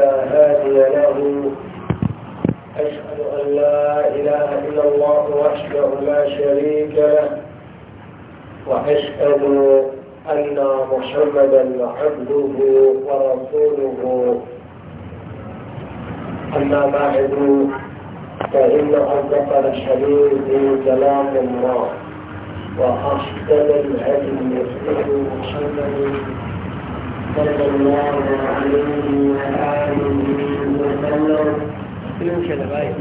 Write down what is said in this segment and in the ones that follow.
هادي له أشهد أن لا إله إلا الله وحده لا شريك له وأشهد أن محمدا عبده ورسوله أما بعد فإن أصدق الحديث كلام الله وأحسن الهدي محمد صلى الله عليه وآله وسلم يمكن الآية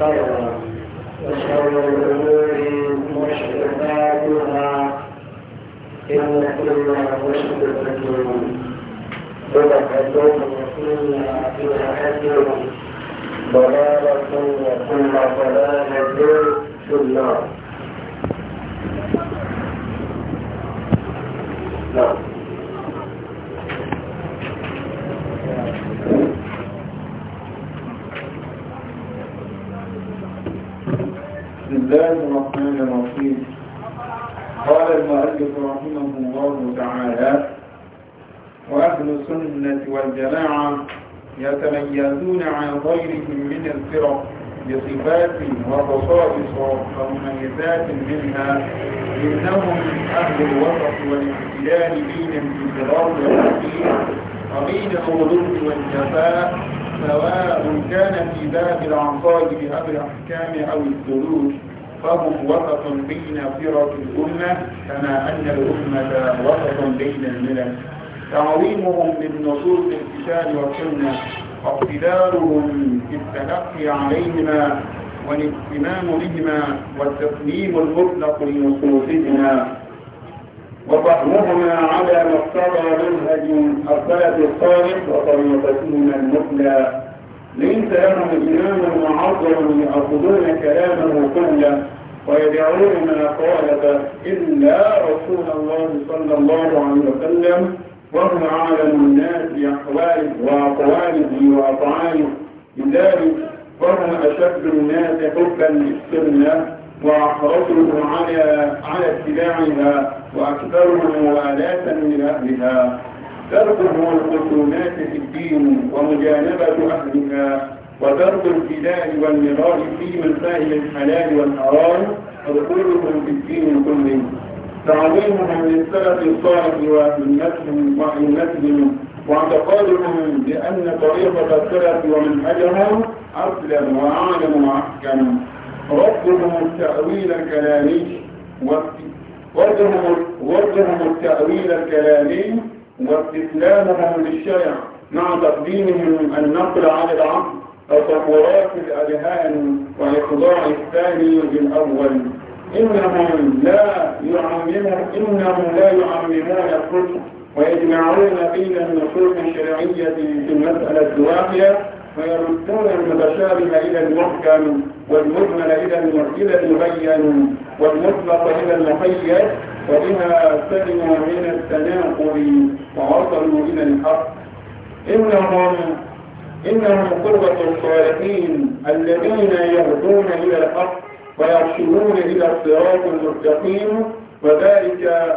طبعا وشر الأمور مشرفاتها إن كل مشرفة بدعة وكل بدعة ضلالة وكل ضلالة في النار نعم الله الرحمن الرحيم قال المؤلف رحمه الله تعالى وأهل السنة والجماعة يتميزون عن غيرهم من الفرق بصفات وخصائص ومميزات منها إنهم أهل الوسط والاعتدال بين الانتظار والتحقيق وبين الغلو والجفاء سواء كان في باب العقائد أو الأحكام أو الدروس فهم وسط بين فرق الأمة كما أن الأمة وسط بين الملل تعظيمهم من نصوص الكتاب والسنة واقتدارهم التلقي عليهما والاهتمام بهما والتسليم المطلق لنصوصهما وفهمهما على ما اقتضى منهج السلف الصالح وطريقتهما المثلى ليس لهم إمام معظم يأخذون كلامه كله ويدعون ما قالت إلا رسول الله صلى الله عليه وسلم وهو أعلم الناس بأحواله وأقواله وأطعامه لذلك فهم أشد الناس حبا للسنة وأحرصهم على على اتباعها وأكثرهم موالاة من أهلها تركهم الخصومات في الدين ومجانبة أهلها وترك الفداء والمرار في مساهل الحلال والحرام ودخولهم في الدين كله تعليمهم للسلف الصالح وأئمتهم وأئمتهم واعتقادهم بأن طريقة السلف ومنهجهم أسلم وأعلم وأحكم ردهم التأويل الكلامي وردهم التأويل الكلامي واستسلامهم للشرع مع تقديمهم النقل على العقل تطورات الأذهان وإخضاع الثاني بالأول إنهم لا يعممون إنهم لا يعممون الكتب ويجمعون بين النصوص الشرعية في المسألة الواقية ويردون المتشابه إلى المحكم والمجمل إلى إلى المبين والمطلق إلى المقيد وبها سلموا من التناقض وعطلوا إلى الحق إنهم إنهم قربة الصالحين الذين يهدون إلى الحق ويرشدون إلى الصراط المستقيم وذلك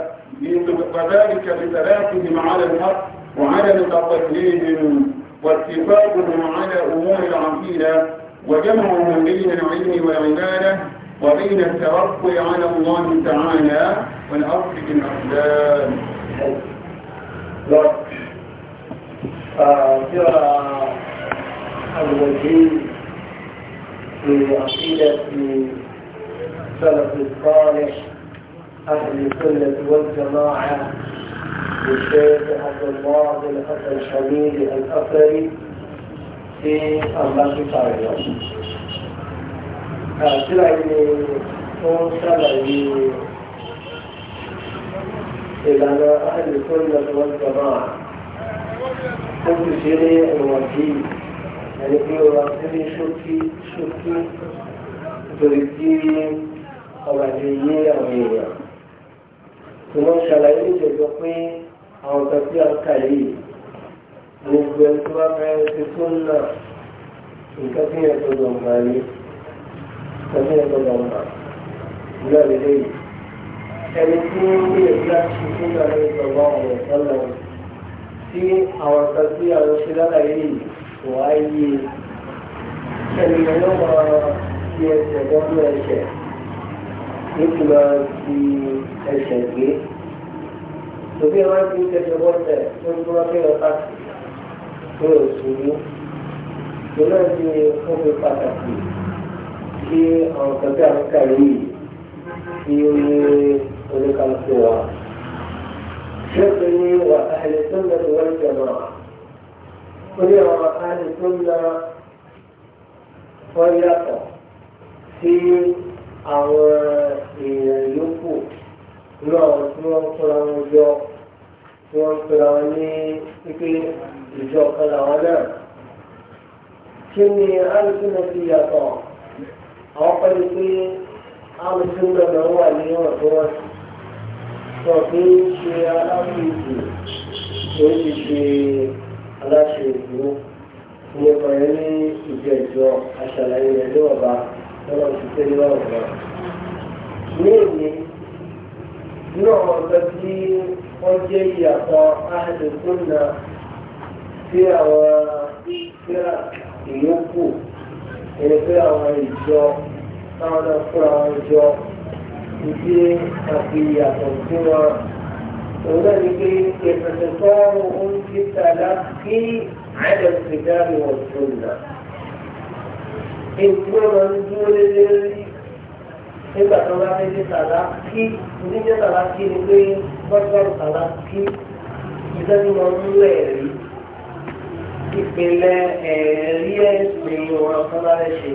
وذلك بثباتهم على الحق وعدم تقليدهم واتفاقهم على أمور العقيدة وجمعهم بين العلم والعبادة وبين التوكل على الله تعالى والأخذ بالأقدام. الوجهين في عقيدة سلف الصالح أهل السنة والجماعة للشيخ عبد الله بن حسن الحميد الأثري في أملاك طائرة. أعتقد أن سلفي إلى أهل السنة والجماعة كنت شيء وكيل ẹni pé ọ̀rọ̀ àtẹ́lé ṣókí ṣókí nítorí tí ọ̀rọ̀ àti yé àwọn èèyàn tí wọ́n ṣàlàyé ìjẹ́jọ́ pé àwọn kan tí a ń kà yìí gbogbo ẹni tó bá fẹ́ ti tó ń nà nǹkan tí yẹn gbọdọ̀ mà ní nǹkan tí yẹn gbọdọ̀ mà nígbà lédè yìí ẹni tí ó ń gbé ìgbà tuntun náà ní ìjọba ọ̀rọ̀ sọ́nà tí àwọn kan tí a ń ṣe lálàyé yìí wàá yí ẹnìyàn yóò máa fi ẹsẹ̀ dọ́dún ẹsẹ̀ yóò ti máa fi ẹsẹ̀ gbé òbí ẹ máa ń fi ẹsẹ̀ bọ́sẹ̀ tó ń dúró bí ọ̀tá ní oṣù yìí ìlú ti omi pàtàkì kí àwọn kan bí àwọn kan yìí kí oníkàlùkù wa. Ṣé o ti ní wà áhẹ̀lẹ́sọ́nà ìwádìí ọ̀nà? orí ọ̀rọ̀ àlè tó lọ wọ́n yàtọ̀ sí àwọn èèyàn yòókù lọ tí wọ́n ń kóra wọn yọ tí wọ́n ń kóra wọn ní pípé ìjọ kan làwọn náà. kí ni alùpùpù ti yàtọ̀ àwọn pẹ̀lú pé alùpùpù náà wà ní ọ̀dọ́wọ́sì sọ ṣe aláwọ̀ ìdè ló ti ṣe aláṣẹ ìlú ní ọkọ̀ yẹn ní ìjọ ìjọ aṣàlàyé rẹ̀ ní ọ̀bá lọ́nà ti pé ní ọ̀bá. ní èmi ní ọ̀rọ̀ ọ̀gbẹ́ tí wọ́n jẹ́ ìyàtọ̀ àdìgúnnà sí àwọn síra ìyókù ẹni pé àwọn ìjọ táwọn náà fúnra wọn jọ ìdí àti ìyàtọ̀ sí wọn. وذلك يتصارهم في التلقي على الكتاب والسنة ìgbóná ń dúró lé lórí nígbà tó bá fẹ́ ṣe tàlákì oníjẹ́ tàlákì ni pé bọ́sọ̀rọ̀ tàlákì ìdájọ́ máa ń mú ẹ̀rí ìpìlẹ̀ ẹ̀rí ẹ̀sìn ìwọ̀n kan lára ṣe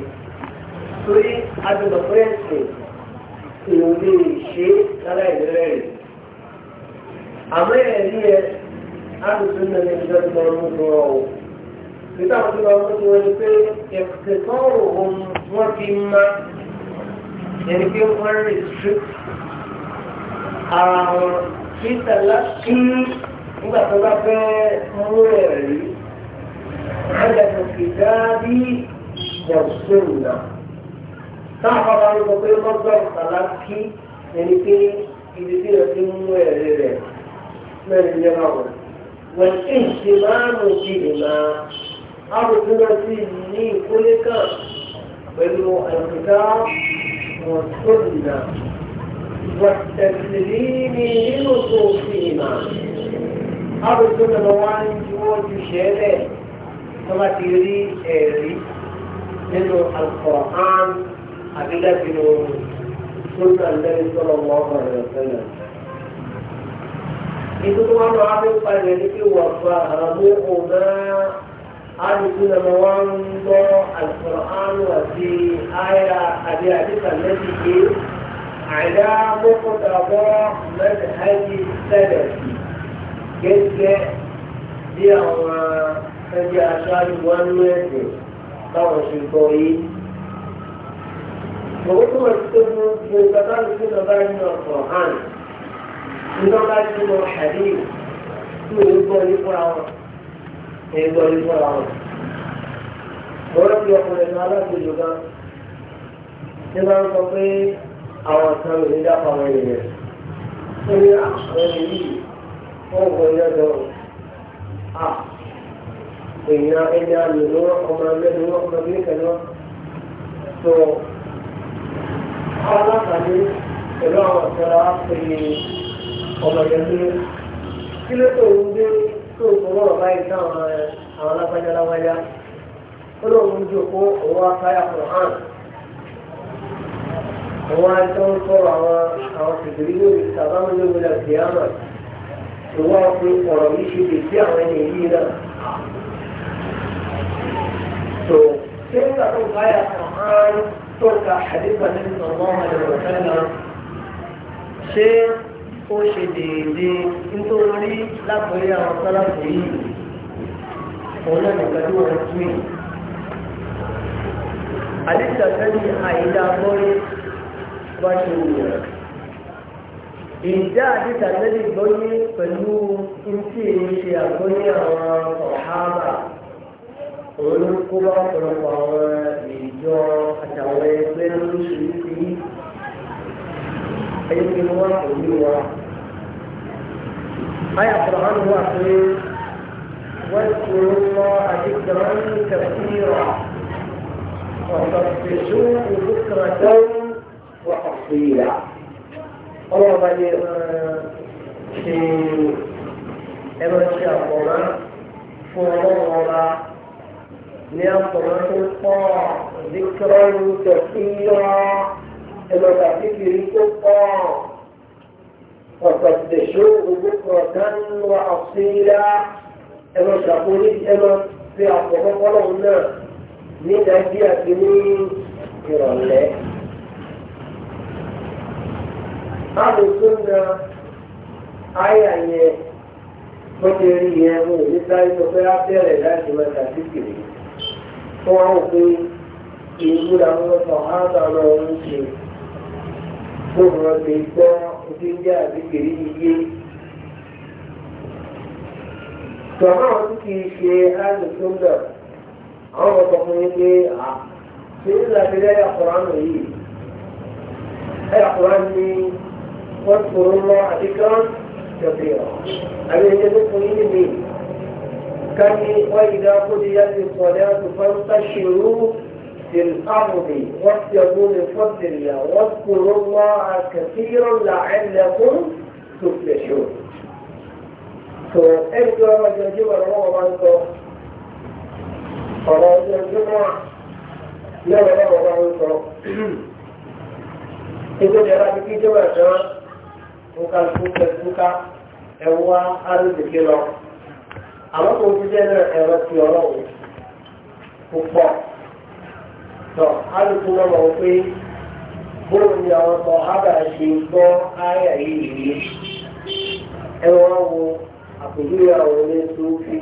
torí agbègbè fún ẹ̀sìn ìwọ̀n lè ṣe lára ìrẹ́rẹ́ rẹ̀ àmọ́ ẹ̀rí ẹ alùpùpù náà ní ìjọ ti máa mú gan ọ nígbà tó máa mú ti wọn ni pé ìpèkọ́rò ohun wọn fi má ẹni pé wọ́n rè sí ara wọn kí tẹ̀lá kí nígbà tó bá fẹ́ mú ẹ̀rí ẹ̀dẹ̀kùn kìdáàbí wọ̀sùn náà táwọn bá ń sọ pé mọ́gbọ́n tàlá kí ẹni pé ibi tí ẹ ti mú ẹ̀rí rẹ̀ mẹ́rin jẹ́ báwọn wọ́n ti ń ṣe máa ń ṣe ìmọ̀ àbùkúnà sí ní ìkólé kan pẹ̀lú àyọ̀kẹ́ká wọn tó dìgbà wọ́n tẹ̀sílẹ̀ ní nínú tó fi ìmọ̀ àbùkúnà wọn ju wọ́n ju ṣẹlẹ̀ tó bá ti rí ẹ̀rí nínú Al-Qur'an àbílẹ̀ bínú sunna lẹ́yìn sọ́lọ́ mọ́ ọ̀rọ̀ sẹ́lẹ̀ ètò tó wá lọ wá fẹ́ pa ilẹ̀ ní pé fà àmú ọ̀nà àdìgún ọmọ wa ń gbọ́ Al-Qur'an àti àyà àbí àdìsà lẹ́sìn pé àyà mọ́kànlá bọ́ mẹ́tẹ̀ áìdí sẹ́lẹ̀ gẹ́gẹ́ bí àwọn ẹgbẹ́ aṣáájú wa ń lọ ẹ̀sìn báwọn ṣe gbọ́ yìí. Òwúrọ̀ tó ń gbé gbàgbọ́ ìṣúná báyìí ní ọ̀pọ̀ hàn ìjọba ti lọ ṣàdé tí o gbọ́ ní fúnra wọn ẹ gbọ́ ní fúnra wọn. Bọ́lá ti ọkùnrin náà alágbèjọ kan ní máa ń sọ pé àwọn kan lè dá pamọ́ ènìyàn. Ó ní ah, àwọn yìí wọ́n wọ iná jọ à ah, èèyàn ẹni àmì ló wọ́n ọmọ ẹgbẹ́ ló wọ́n ọmọ ẹgbẹ́ kan Tó alákàdé pẹ̀lú àwọn ìṣẹ̀lá pé ọmọ yẹn ní kí ló tó ń gbé tó ń fọwọ́ ọ̀rọ̀ báyìí táwọn àwọn alágbájá lágbájá ó lóun ń jókòó òun akáyà fún hàn àwọn àjọ ń sọ̀rọ̀ àwọn àwọn kìkìrì lórí sàbámu lórí ilẹ̀ kìámà ìwọ ọkùnrin ọ̀rọ̀ yìí ṣe lè sí àwọn ẹni yìí náà. tó ṣé nígbà ṣé ó ṣe déédéé nítorí lápẹẹrẹ àwọn sálàpù yìí òun náà nìkan tí wọ́n tún yìí. àdìsá sẹ́ni àyíká gbọ́rí bá ṣe wù rẹ̀. ìjà àdìsá sẹ́ni gbọ́rí pẹ̀lú ntí èyí ṣe àgbọ́rí àwọn ọ̀háàbà òun ló kó bá ọ̀pọ̀lọpọ̀ àwọn ìjọ àtàwọn ẹgbẹ́ lóṣù yìí. ẹni tí wọ́n kò ní wọn. آية القرآن هو أخير واذكروا الله ذكرا كثيرا وسبحوه بكرة وأصيلا الله بني في ẹmọ̀ṣẹ́ àpọ̀nà fún ọlọ́wọ́ra ní àpọ̀nà tó pọ̀ ذكرا كثيرا ẹmọ̀ṣẹ́ àpíkiri tó pọ̀. وفتشوه بكرة وأصيلا أما تقولي أما في أطبق ولغنا من أجل أكلين كرا الله أهل السنة آية mọ́tẹ́rì yẹn mo ní sáré tó fẹ́ bẹ̀rẹ̀ láti máa tàbí kiri fún àwọn òfin ìlú làwọn ọ̀hánà lọ́wọ́ ń ṣe tó mọ̀ lè gbọ́ ojú ń jẹ́ àbíkèrè iye. Tọ́lá wọn tí kìí ṣe alùsùnà àwọn ọ̀pọ̀ fún yín pé à ṣé ń láti lẹ́yà Kùránù yìí. Ẹ̀yà Kùránù ni wọ́n tòrò lọ àdìgán jọ̀bì ọ̀. Àbí tó fún yín nìyí. Ká ní wáyé dá kó di yá ti sọ̀dá tó fọ́n tá ṣe rú. في الأرض وابتغوا من فضل الله واذكروا الله كثيرا لعلكم تفلحون so ẹjọ́ ọjọ́júmọ̀ ni wọ́n máa ń sọ ọ̀rọ̀ ọjọ́júmọ̀ lẹ́wọ̀n náà wọ́n máa ń sọ ẹgbẹ́ ìjọba ti kí jẹ́wọ̀ ẹ̀sán nǹkan tó kẹtùkà ẹ̀wọ́ arúgbìkì lọ àwọn tó ti jẹ́ ẹ̀rọ ti ọlọ́run púpọ̀ tọ́ alùpùpù náà wọ̀ pé bóun ni àwọn sọ ábà ṣe gbọ́ áyà yìí rí ẹ wọ́n wo àpèjúwe àwọn ilé tó fi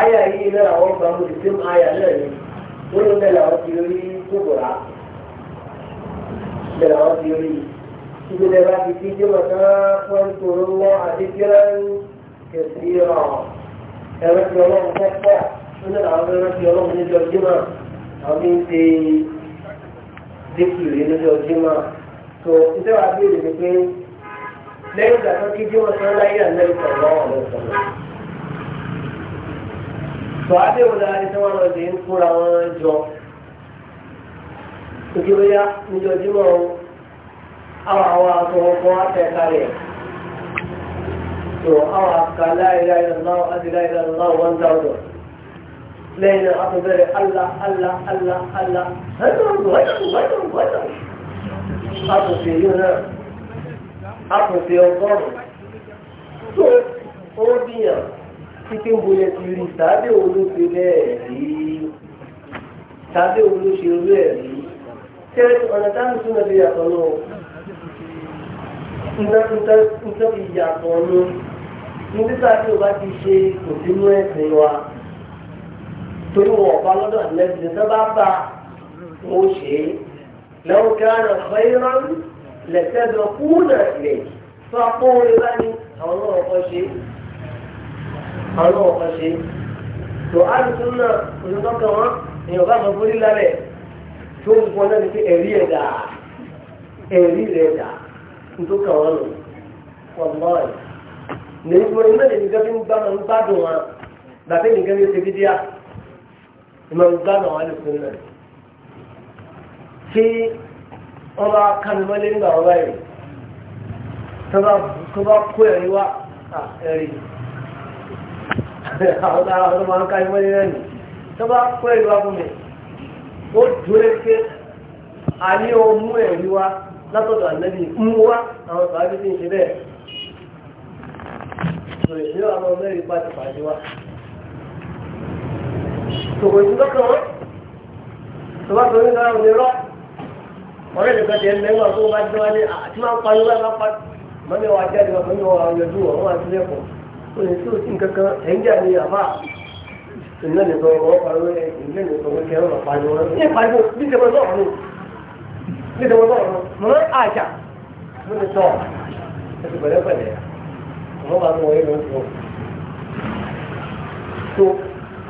áyà yìí náà àwọn gba mo ti fún áyà náà ni wọ́n ló bẹ̀rẹ̀ àwọn ti rí kóbòrà bẹ̀rẹ̀ àwọn ti rí ìgbélé bá ti fi jẹ́ mọ̀tá wọ́n tó ń wọ́ àdékírá kẹsì rà ẹ̀rọ ti ọlọ́run kọ́kọ́ ó ní àwọn ẹ̀rọ ti ọlọ́run níjọ jẹ́ àwọn ní ṣe dékìrì lọ́jọ́ jímọ̀ tó iṣẹ́ wa béèrè ni pé lẹ́yìn ìgbà tó kí jímọ̀ tán láyé àlẹ́yìn sọ̀rọ̀ ọ̀rọ̀ sọ̀rọ̀ tó adéwòn lára ní sọ́wọ́n náà lè ń kóra wọn jọ ojú bóyá níjọ jímọ̀ àwọn àwọn akọ̀ọ̀kọ̀ àtẹ̀ká rẹ̀ tó àwọn àkàlá ìlà ìlànà àti ìlà ìlànà 1000 lẹ́yìn náà a tó bẹ̀rẹ̀ Allah Allah Allah Allah hẹ́tọ̀rù hẹ́tọ̀rù hẹ́tọ̀rù hẹ́tọ̀rù a tó fi yóò náà a tó fi ọgọ́rùn tó ó bíyàn títí ń bolẹ̀ ti rí tàbí olóṣè bẹ́ẹ̀ rí tàbí olóṣè rú ẹ̀ rí tẹ́lẹ̀ ọ̀nà táwọn tún náà fi yàtọ̀ náà nǹkan fi yàtọ̀ náà nígbà tí o bá ti ṣe kò sínú ẹ̀sìn wa torí wọn ọba lọ́dọ̀ àlẹ́bí ní sábà bá wọn ṣe é lẹ́wọ́n kíláàna xeyran lẹ́sẹ̀dọ̀ kúnà lè tó apó orí bá ní àwọn náà kọ́ ṣe àwọn náà kọ́ ṣe tó àdùtún náà òṣèlú kan wọn èèyàn bá sọ fún lílá rẹ̀ tó ń pọn náà ní pé ẹ̀rí ẹ̀ dà ẹ̀rí rẹ̀ dà nítorí kan wọn nù wọn mọ́ ẹ̀ lẹ́yìn ń bá nìkan fi wọn bàbá nìkan fi ṣe fídíà ìmọ̀ gánà wà lè fún náà tí wọ́n bá kánimọ́lé nígbà wọ́n báyìí tó bá kó ẹ̀rí wá ẹ̀rí àwọn ará ọdún máa ń kánimọ́lé náà nì tó bá kó ẹ̀rí wá fún mi ó dúró pé a ní ohun mú ẹ̀rí wá látọ̀dọ̀ ànábì mú wá àwọn sàábí tí ń ṣe bẹ́ẹ̀. Sọ̀rọ̀ ìṣẹ́ àwọn mẹ́rin bá wá sòwò ìdúdọ́kàn wọn tó bá sọ nígbà wọn rọ ọ̀rẹ́ nìkan tẹ̀ mẹ́wàá tó bá jẹ́ wálé àti máa ń pa yóò bá pa mọ́ni wàá jáde wọn mọ́ni wàá yọjú wọn wọn àti lẹ́kọ̀ọ́ tó lè tí ò sí nǹkan kan ẹ̀ ń jà ní àbá ìlú ẹ̀ nìkan wọn pa lórí ìlú ẹ̀ nìkan wọn kẹrin wọn pa ni wọn ní ìpàdé bí tẹ̀wọ́n sọ̀rọ̀ nù bí tẹ̀wọ́n sọ̀rọ̀ nù mọ́ àjà mo ti sọ ẹsẹ̀ pẹ̀lẹ́pẹ̀lẹ́ àwọn máa ń wọ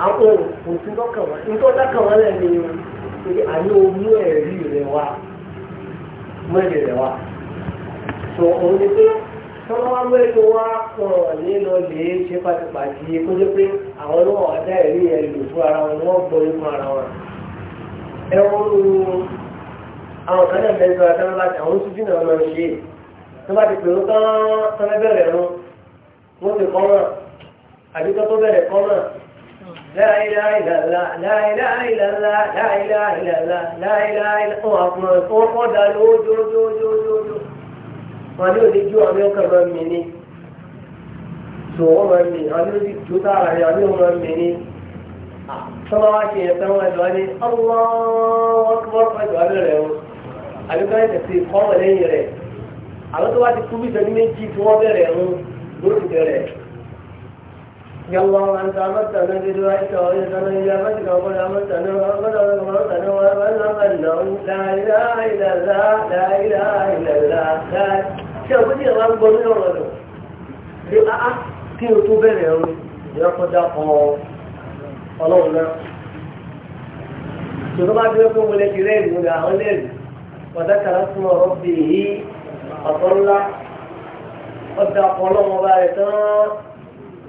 àwọn òfin lọ́kàn wọn nǹkan lọ́kàn wọn lẹ̀ ní pé àní o mú ẹ̀rí rẹ̀ wá mú ẹ̀rí rẹ̀ wá sọ òun ni pé tọ́lá wá mú ẹ̀rí wá pọ̀ nínú lè ṣe pàtìpàtì kó jẹ́ pé àwọn náà wà ẹ̀rí yẹn lò fún ara wọn wọ́n gbọ́ nípa ara wọn ẹ wọ́n lu àwọn kan náà bẹ́ẹ̀ sọ àtàwọn láti àwọn oṣù jìnnà ọmọ ṣe tó bá ti pèrò tán tán bẹ́ẹ̀ bẹ̀rẹ̀ لا إله إلا الله لا إله إلا الله لا إله إلا الله لا إله إلا الله ọ̀pọ̀dà lójójójójójó wọn ni ó lè jó àmì ọkàn máa ń mì ní tó wọn máa ń mì àmì ó sì jó tààrà ní àmì ó máa ń mì ní sọlá wá ṣe yẹn sẹ́wọ́n ẹ̀dọ́ ní ọlọ́wọ́ ọ̀pọ̀ ẹ̀dọ́ àbẹ̀ rẹ̀ o àbí ká ẹ̀sẹ̀ sí kọ́mọ̀ lẹ́yìn rẹ̀ àwọn tó wá ti kú bí ìṣẹ́jú méjì tí wọ́n bẹ̀rẹ̀ ń lóṣù bẹ̀rẹ̀ يا الله أنت أمرتنا بدعائك وإذن إجابتك وقل أمرتنا وأمر وأمرتنا وأمر وأمر لا إله إلا الله لا إله إلا الله لا ṣẹ́gun ní ìran gbọ́nú ọ̀rọ̀ lọ ní àá kí o tó bẹ̀rẹ̀ ẹ̀rọ ìyá kọjá kan ọlọ́run náà ṣùgbọ́n bá dúró pé mo lè ti rẹ́ ìlú rẹ̀ àwọn lẹ́rìí wàdákàrá fún ọ̀rọ̀ bìí ọ̀tọ́ ńlá ọ̀dà ọ̀pọ̀ ọlọ́run ọba rẹ̀ tán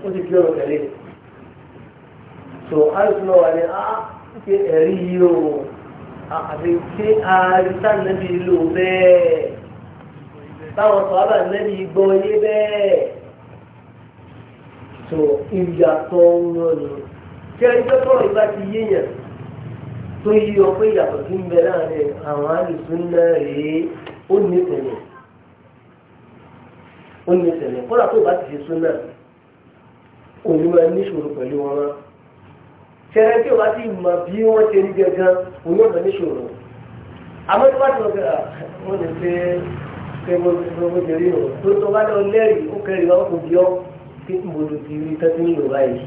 ó ti fi ọ̀rọ̀ tẹ̀lé so àìsàn náà wà ní á ah, ah, ṣe ẹ̀rí yìí o ah, àfi ṣé àrísà nẹ́bí lò bẹ́ẹ̀ táwọn sọ̀rọ̀ nẹ́bí gbọ́ yé bẹ́ẹ̀ so ìyàtọ̀ wọn ni tí a ìjọ tọrọ ìgbà ti yéèyàn tó yí ọ pé ìyàtọ̀ tí ń bẹ láàrin àwọn àìsàn náà rèé ó ní tẹ̀lé ó ní tẹ̀lé kọ́lá tó bá ti ṣe sún náà olúwa níṣòro pẹ̀lú wọn rán tẹ̀rẹ̀ tí o bá ti mọ̀ bí wọ́n ṣe rí gẹ́gẹ́ òun yóò mọ̀ níṣòro àmọ́ tó bá ti lọ bẹ̀rẹ̀ ah, wọ́n lè ṣe ṣe mo ṣe rí o tó tó bá lọ lẹ́rìí ó kẹrì wọn kò bí ọ tí mo lò ti rí tẹ́tí ní yorùbá yìí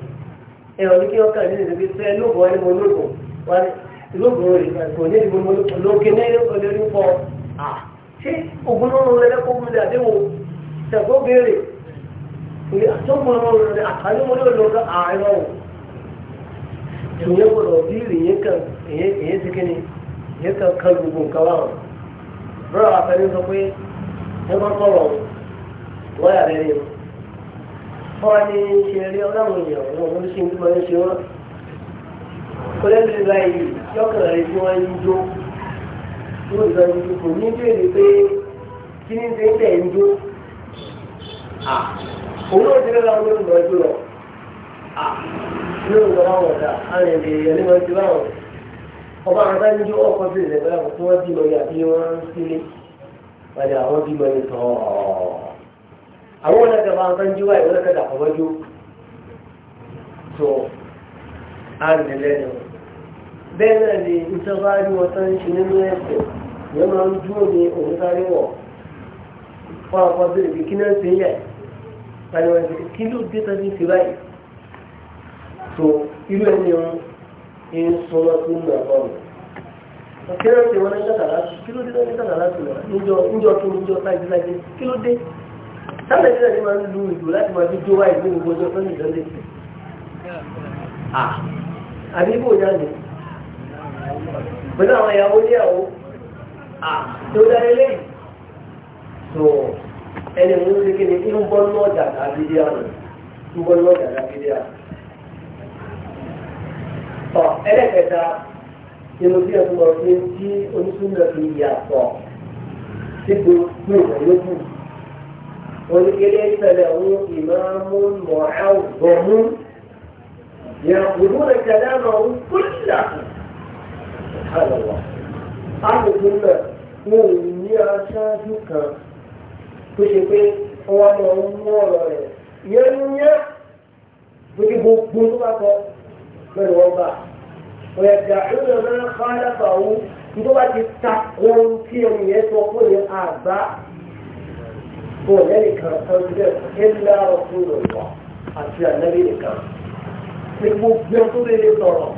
ẹ ọ̀ ní kí wọ́n kà ní ìdíje pé lóògùn wọn ni mo lóògùn wọn lóògùn rẹ̀ kò ní ìdíje mo lóògùn ní olórí ah, ṣé ògùn ló ń lọ lẹ́kọ̀ọ́ àtọ́kùn ọmọ rẹ̀ ní àtàlẹ́ wọn yóò lọ rẹ àárọ̀ o ìyẹn gbọdọ̀ bí ìyẹn kan ìyẹn ti kí ni ìyẹn kan kan gbogbo nǹkan wà wọn rọrọ àfẹnú sọ pé ẹ máa kọrọ wọn yà lẹ́yìn o wọn ni ṣe rí ọlọ́run èèyàn wọn wọn ṣe ń gbọ́n ṣe wọn kọlẹ́ńtì báyìí yọkànlá rẹ tí wọ́n ń jó wọ́n ń sọ ìdí kò ní bèèrè pé kí ni ṣe ń tẹ̀ ń jó òun náà ti rẹ́ra olórí lọ lọ lórí ìjọba àwọn ọ̀dà àwọn èdè ẹni wọn ti báwọn ọba àwọn táyé ọkọ sí ilẹ̀ bẹ́ẹ̀ kó wọ́n bímọ ní àbí wọ́n sílé wọ́n àwọn bímọ ní tọ́ àwọn ọ̀nà ìjọba àwọn táyé wáyé wọ́n kẹ́kẹ́ àkọ́kọ́ ju tó àrùn lẹ́nu bẹ́ẹ̀ náà ni ìjọba rí wọn tán ṣe nínú ẹ̀sìn ìyẹn máa ń dúró ní òun sáré wọ̀ fún àkọ́bí ìbí kí náà ṣe yẹ̀ láti wọ́n ṣe kí ló dé tán ní ti báyìí tó irú ẹni ń ń sọmọ tó ń bọ̀ ọ̀rọ̀ kí ló dé wọn ní tàkàlá kí ló dé tán ní tàkàlá tó lọ níjọ níjọ tó níjọ láti láti kí ló dé sábẹ̀ nígbà tí máa ń lu ìlú láti máa fi jó wáyé ní gbogbo ọjọ́ tó ní ìdánlẹ̀ àbí ibò jáde pẹ̀lú àwọn ìyàwó níyàwó tó dá lé lẹ́yìn ẹni mú ní kí ni kí ń bọ́ ní ọjà àbídí àná ń bọ́ ní ọjà àbídí àná. ọ ẹlẹ́kẹta nínú bí ẹ̀sùn ọ̀rọ̀ pé tí oníṣúná fi yàtọ̀ sí gbogbo ìwọ̀n lókù wọ́n ní kéde ìṣẹ̀lẹ̀ òun ìmáàmù mọ̀ọ́hán gbọ̀mú يقولون كلامه كله سبحان الله أهل السنة wọ́n ní aṣáájú kan tó ṣe pé wọ́n lọ ń mú ọ̀rọ̀ rẹ̀ yẹ́nyẹ́ lórí gbogbo tó bá kọ pẹ̀lú ọba ọ̀yẹ̀dà ìlú náà kọ́lẹ́fà ó tó bá ti ta ohun tí ẹni yẹn sọ fún yẹn àgbá fún ọ̀lẹ́nì kan kan tó bẹ́ẹ̀ ẹ̀dá ọ̀fun lọ́wọ́ àti ànábì nìkan ní gbogbo tó lè lè sọ̀rọ̀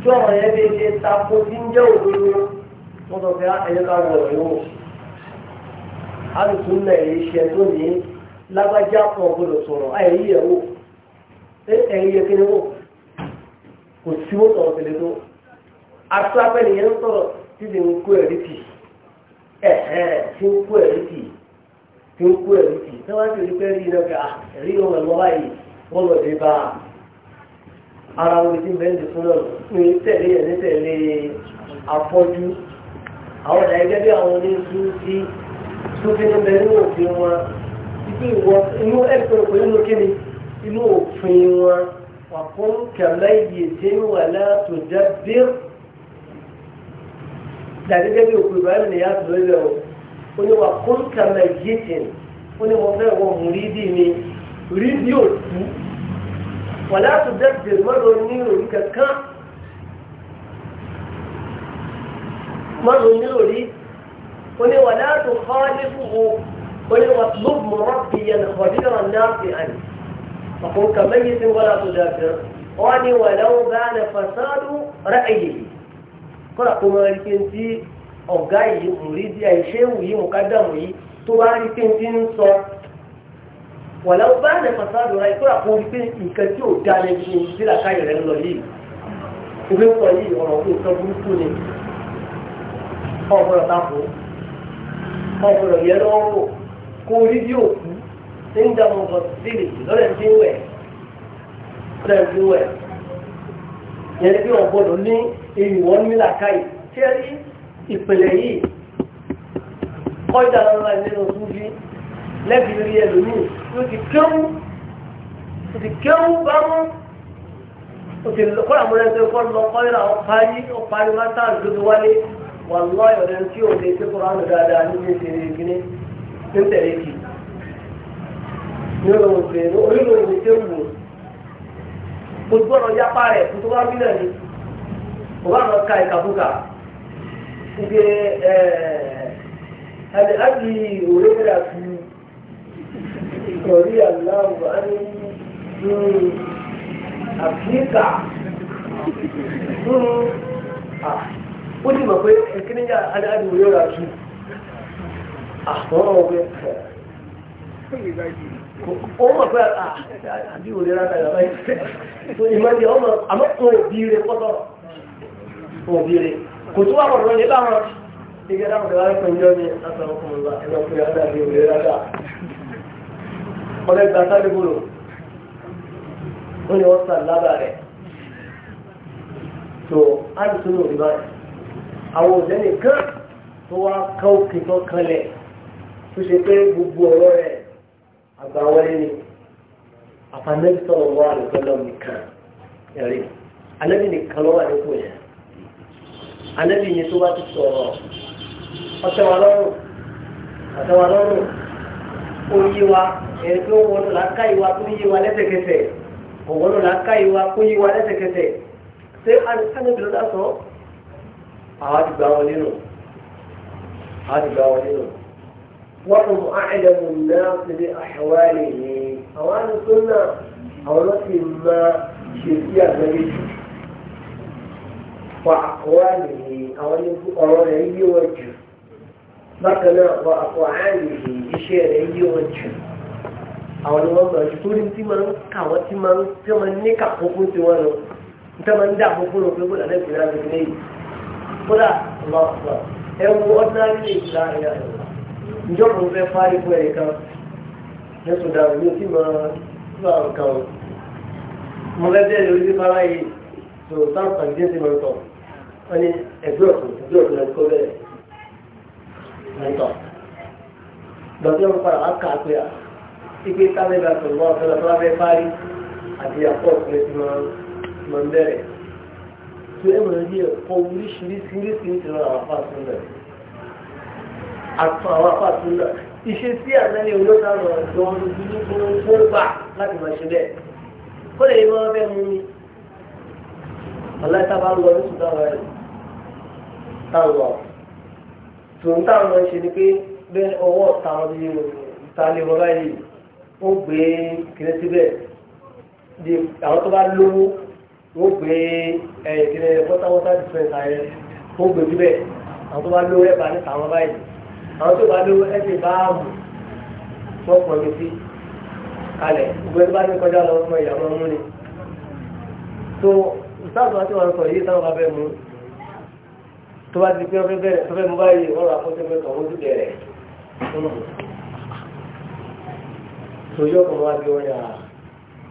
tí ọ̀rọ̀ yẹn lè lè ta kó tí ń jẹ́ òdodo wọ́n sọ pé ah, ẹ̀yẹ́ ká wọ̀ ẹ̀yẹ́ wò alùsùn náà èyí ṣe tó ní lágbájá kan gbọdọ̀ sọ̀rọ̀ àìrí ẹ̀ wò ẹ̀yìn yẹ kíni wò kò sí wọ́n tọ̀rọ̀ tẹ̀lé tó àti apẹ́lẹ̀ yẹn ń sọ̀rọ̀ títí ń kó ẹ̀rí tì ẹ̀hẹ́n tí ń kó ẹ̀rí tì tí ń kó ẹ̀rí tì tí wọ́n ti rí pé rí iná ká ah, ẹ̀rí ohun ẹ̀rọ báyìí wọ́n lọ dé bá ara wọn ti bẹ́ẹ̀ lè fúnra ní tẹ̀lé ẹ̀ ní tẹ̀lé afọ́jú àwọn ọ̀dà ẹgbẹ́ bí àwọn oníṣu tó fi ń bẹ nínú òfin wọn ibi ìwọ inú ẹgbẹ́ òkú nínú kíni inú òfin wọn ọ̀kún kẹlẹ́ yìí tí ń wà látò jẹ́ bí dàgẹ́gẹ́ bí òkú Ibrahim ni yàtọ̀ lórí rẹ̀ o ó ní wà kún kẹlẹ́ yìí tì ó ní mo fẹ́ wọ mú rídì mi rídì òtú wà látò jẹ́ bí mọ́tò ní òrí kankan mọ́tò ní òrí قل ولا تخالفه قل واطلب مربيا خبيرا نافعا فقل كميت ولا تدافر قال ولو بان فساد رأيه قل أقوم لكنتي ọ̀gá yìí mùrídìí àìṣéwù yìí mùkádàmù yìí tó bá rí pé ti ń sọ wọ̀lá bá ní fasádù ra ìkúrà fún orí pé nǹkan tí ò dá lẹ́yìn ní sílàkáyì rẹ̀ lọ yìí ìwé yìí ọ̀rọ̀ òkú nǹkan burúkú ni ọ̀gbọ́n ọ̀tá fún un káyọ̀ yẹ lọ́wọ́ wò kó orí bí òkú ṣe ń dààmú ọkọ̀ sílè lọ́rẹ̀ tí ń wẹ̀ lọ́rẹ̀ tí ń wẹ̀ yẹn ni pé ọ̀gbọ́dọ̀ ní ìwọ̀ nílà káyì tí ẹ rí ìpìlẹ̀ yìí kọ́ ìdánilá nínú súnfí lẹ́bi rí ẹlòmíì ló ti kéwú ó ti kéwú bámú ó ti kọ́ra mọ́lẹ́sẹ̀ kọ́ lọ kọ́ ìlà ọ̀parí ọ̀parí mátà ìjọba wálé wàlúwà yọ̀dẹ̀ tí ò lè ṣe kóra nù dáadáa nínú ìṣeré ìgbìní tó ń tẹ̀lé kì ní olóhùn ṣe ní olóhùn ṣe ń wò mo gbọ́dọ̀ ya, rẹ̀ kó tó bá bí náà ni mo bá lọ ka ìkàkùkà ìgbé ẹ̀ẹ́d àti òwe rẹ̀ fi ìkọ̀rí àláwọ̀ ó sì mọ̀ pé ìkíní yà adáàdù yóò rà jù àwọn ọ̀gbẹ́ ó mọ̀ pé àbí òde rárá ìlànà yìí ìmọ̀dé ọmọ àmọ́ kò bí rẹ pọ́tọ̀ kò bí rẹ kò tó wà pọ̀tọ̀ ní bá wọn ìgbẹ́ dáhùn tó wà lẹ́kọ̀ọ́ ìjọ ní àtàwọn ọkùnrin wa ẹ̀rọ pé àbí òde rárá ọlẹ́gbàá sáré gbòòrò ó ní wọ́n sàn lábàá rẹ̀ tó àìsàn òdìbáyìí àwọn òṣèré nìkan tó wá ká òkè tó kanlẹ̀ tó ṣe pé gbogbo ọ̀rọ̀ rẹ̀ àgbàwọlé ni àfànẹ́bí sọ̀rọ̀ wà lọ́dọ̀ nìkan ẹ̀rí anẹ́bí nìkan lọ́wọ́ àdínkù yẹn anẹ́bí yẹn tó bá ti sọ̀rọ̀ ọ̀tẹ̀wàlọ́rùn ọ̀tẹ̀wàlọ́rùn ó yí wa ẹ̀rí tó wọnú làákà ìwà tó yí wa lẹ́sẹ̀kẹsẹ̀ kò wọnú làákà ìwà kó yí wa lẹ́sẹ̀kẹsẹ̀ ṣé anẹ́bí lọ́dọ̀ sọ̀rọ̀ àwọn ti gbà wọn nínú àwọn ti gbà wọn nínú. wọ́n mú àìlẹ́mù náà ti di àṣewárì ni àwọn àlùkò náà àwọn ló ti máa ṣe sí àgbẹ̀lẹ̀ jù. wà àkọ́wárì ni àwọn ọ̀rọ̀ rẹ̀ yí wọ́n jù. bákan náà wà àkọ́wárì ni iṣẹ́ rẹ̀ yí wọ́n jù àwọn ni wọ́n gbọ́njú tó rí tí ma ń kàwọ́ tí ma ń tí wọ́n ní kàkókó tí wọ́n lọ tí wọ́n ń dá àkókó lọ pé bó lálẹ́ ìpínlẹ̀ àgbègbè yìí kódà lọ́pọ̀ ẹwọ ordinary ìlà ìlà ìlà ìjọba ń fẹ́ fárí fún ẹ̀rí kan ní sudan ní tí mo sọ àwọn kan o mo fẹ́ bẹ́ẹ̀ lórí fara yìí tó sáà pàdé dé sí mọ́tò wọ́n ní ẹgbẹ́ ọ̀tún ẹgbẹ́ ọ̀tún ẹ̀kọ́ bẹ́ẹ̀ mọ́tò lọ́jọ́ ń padà wá kà á pé à ipe tábìlì àtọ̀gbọ́n ọ̀tọ̀ lọ́tọ́ wá fẹ́ fárí àti àpọ̀ ọ̀tún ẹ̀ ti máa ń bẹ̀rẹ̀ tó ẹ̀ máa rí ẹ̀kọ́ oríṣiríṣi oríṣiríṣi lọ́wọ́ àwọn apá tó ń lẹ̀ àtún àwọn apá tó ń lẹ̀ ìṣe sí àtẹ́lẹ̀ olóta lọ jọ lójú ní gbogbo gbà láti máa ṣe bẹ́ẹ̀ kó lè yẹ wọ́n fẹ́ mú mi ọ̀láìta bá lọ ní sùdá wa rẹ̀ táwọn tòun táwọn ṣe ni pé bẹ́ẹ̀ ọwọ́ táwọn ti ìtàlẹ̀ wọn báyìí ó gbé kìrẹ́síbẹ̀ àwọn tó bá lówó wọ́n gbé ẹ̀yẹ̀kẹ́rẹ́ wọ́táwọ́tá dìfẹ́ǹsà yẹn wọ́n gbé síbẹ̀ àwọn tó bá lówó ẹ̀ bá níta wọn báyìí àwọn tó bá lówó ẹ̀ sì bá ààbò wọ́n pọ̀ mi sí kalẹ̀ gbogbo ẹni bá ní kọjá lọ ọmọ ìyá ọmọ mú ni. tó ìsáàtò àti wọn sọ yìí táwọn bá fẹ́ mú tó bá ti pé ọfẹ́ bẹ̀rẹ̀ tó fẹ́ mú báyìí wọ́n rà fọ́tẹ́ mẹ́tọ̀ wọ́n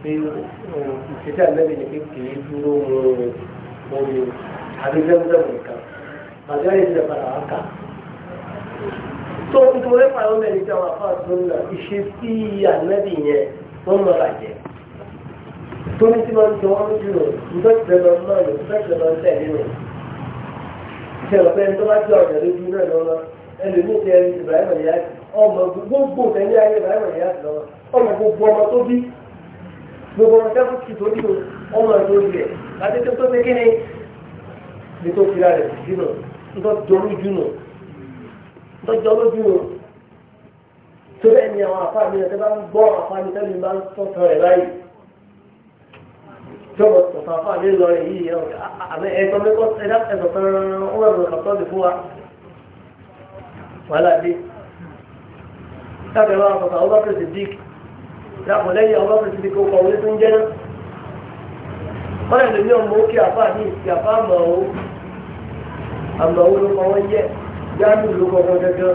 pé ìṣẹ́jà náà ní pé kì í dúró omi àbí zẹ́mùzẹ́mù nìkan àbí ayé ìṣẹ́ padà wá kà. tó nítorí pàrọ̀ mẹ́rin tí àwọn afáà tó ń nà ìṣe sí ànábì yẹn wọ́n mọ̀ bàjẹ́. tó ní tí wọ́n jọ wọ́n jù nígbà tí wọ́n lọ náà lò nígbà tí wọ́n tẹ̀lé nù. ìṣẹ̀lẹ̀ pé tó bá jẹ́ ọ̀dẹ̀ lójú náà lọ́wọ́ ẹlòmíì tẹ ìbáyìí mọ̀ gbogbo ọmọ sẹ́kù tì tó dìbò ọmọ ẹ̀ lórí rẹ̀ láti tó tó fi kíni ní tó fi ra rẹ̀ sí nù ńtọ́jọ́ lójú nù ńtọ́jọ́ lójú nù tó bẹ́ẹ̀ ni àwọn àfa mi ẹ̀ bá ń gbọ́ àfa mi tẹ́lẹ̀ bá ń tọ́tọ̀ rẹ̀ báyìí tí ọmọ tọ̀tọ̀ àfa mi lọ rẹ̀ yìí àmì ẹ̀tọ́ mi kọ́ ẹ̀dá ẹ̀tọ́ tán ọmọ ẹ̀rọ kàtọ́ lè fún wa dàpọ̀ lẹ́yìn àwọn bákan síbi kó orí tó ń jẹ́ náà kọ́lẹ̀ lómi ọmọ òkè àfa ní ya àfa àmàwò àmàwò ló kọ́ jẹ́ jáàmù ló kọ́ wọn dandan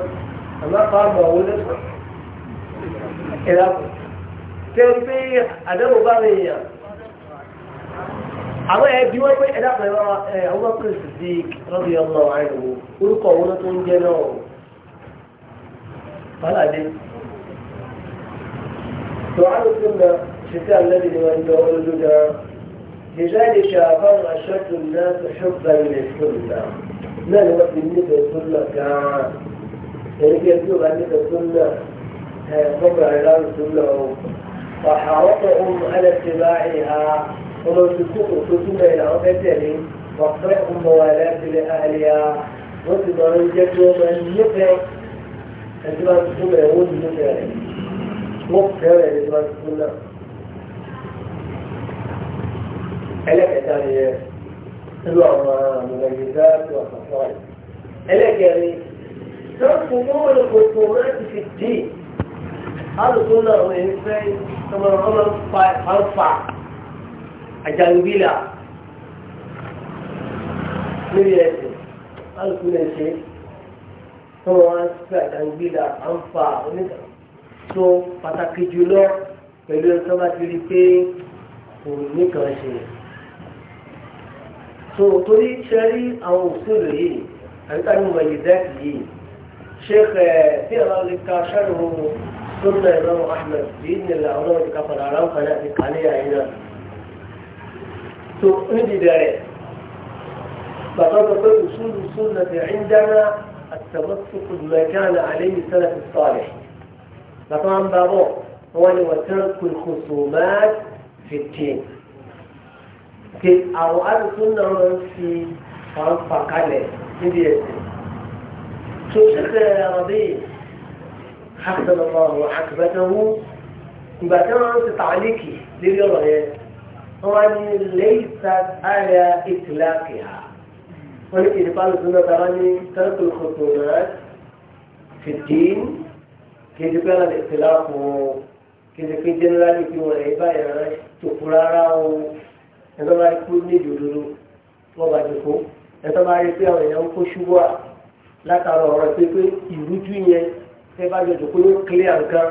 àmọ́ àfa àmàwò lẹ́sọ̀ ẹ̀rọ àpò tẹ́lẹ̀ pé àdánwò bá mi yàn àwọn ẹbí pé rọ́bì ọmọ àìrò orúkọ tó ń jẹ́ náà wọ́n سؤال الجملة شتاء الذي لمن دول الهدى لذلك أقام أشد الناس حبا للسلة ما هو بالنسبة للسنة كان يعني يكتب عن السنة فضع إعلان السلة وحرصهم على اتباعها ومن تسوق السنة إلى عقدته فاقرأهم موالات لأهلها من النفع أتباع السنة يقول النفع wọ́n fẹ́rẹ̀ ní wọ́n ti tún náà. ẹlẹ́kẹta ni ẹ nínú àwọn àmọ̀lẹ́yìn dáàbò àkàtọ́ rẹ̀. ẹlẹ́kẹrin sọ́ọ̀tún ní wọ́n lè kótó láti fi dì í. alùpùpù náà wọ́n èyí fẹ́ ọmọ ọmọ níbi ẹ̀sìn alùpùpù náà ṣe ọmọ wọn á sí àjàngbìlà fanfa oníkàkọ́ so pàtàkì jùlọ pẹ̀lú ẹni tó bá ti rí pé kò nìkan ṣe so torí ṣe rí àwọn òṣèlú yìí àríkà ní mọ̀ ìdẹ́kì yìí sheikh eh, tí a lọ́lẹ̀ ka ṣẹ́rù sunna imam ahmed bíi nílẹ̀ àwọn ọmọdé ká padà aráwọ̀ kan láti kà ní àyè náà so níbi bẹ̀rẹ̀ bàbá sọ pé òṣèlú sunna ti ń dáná àtàwọn tó kùdùmẹ̀kánà àlẹ́ yìí sẹ́nà ti sọ̀rẹ̀ فطبعا بابو هو اللي وترك الخصومات في الدين في الأوقات كنا في فرنسا قلة في شيخ ربيع حسن الله عقبته بعدين عن تعليقي لليوم هو أني ليست على إطلاقها ولكن قال سنة تراني ترك الخصومات في الدين kì í ti pẹ́ láti ìpìlẹ̀ àpò kì í ti pín jẹ́nẹ́rálì kí wọ́n rẹ̀ báyìí rárá tòkú rárá o ẹ̀tọ́ bá kú ní ìdòdòdò wọ́n bá ti kó ẹ̀tọ́ bá rí pé àwọn èèyàn ń kó ṣubú à látara ọ̀rọ̀ pé pé ìrújú yẹn tẹ́ bá jọ jòkó ní kílíà nǹkan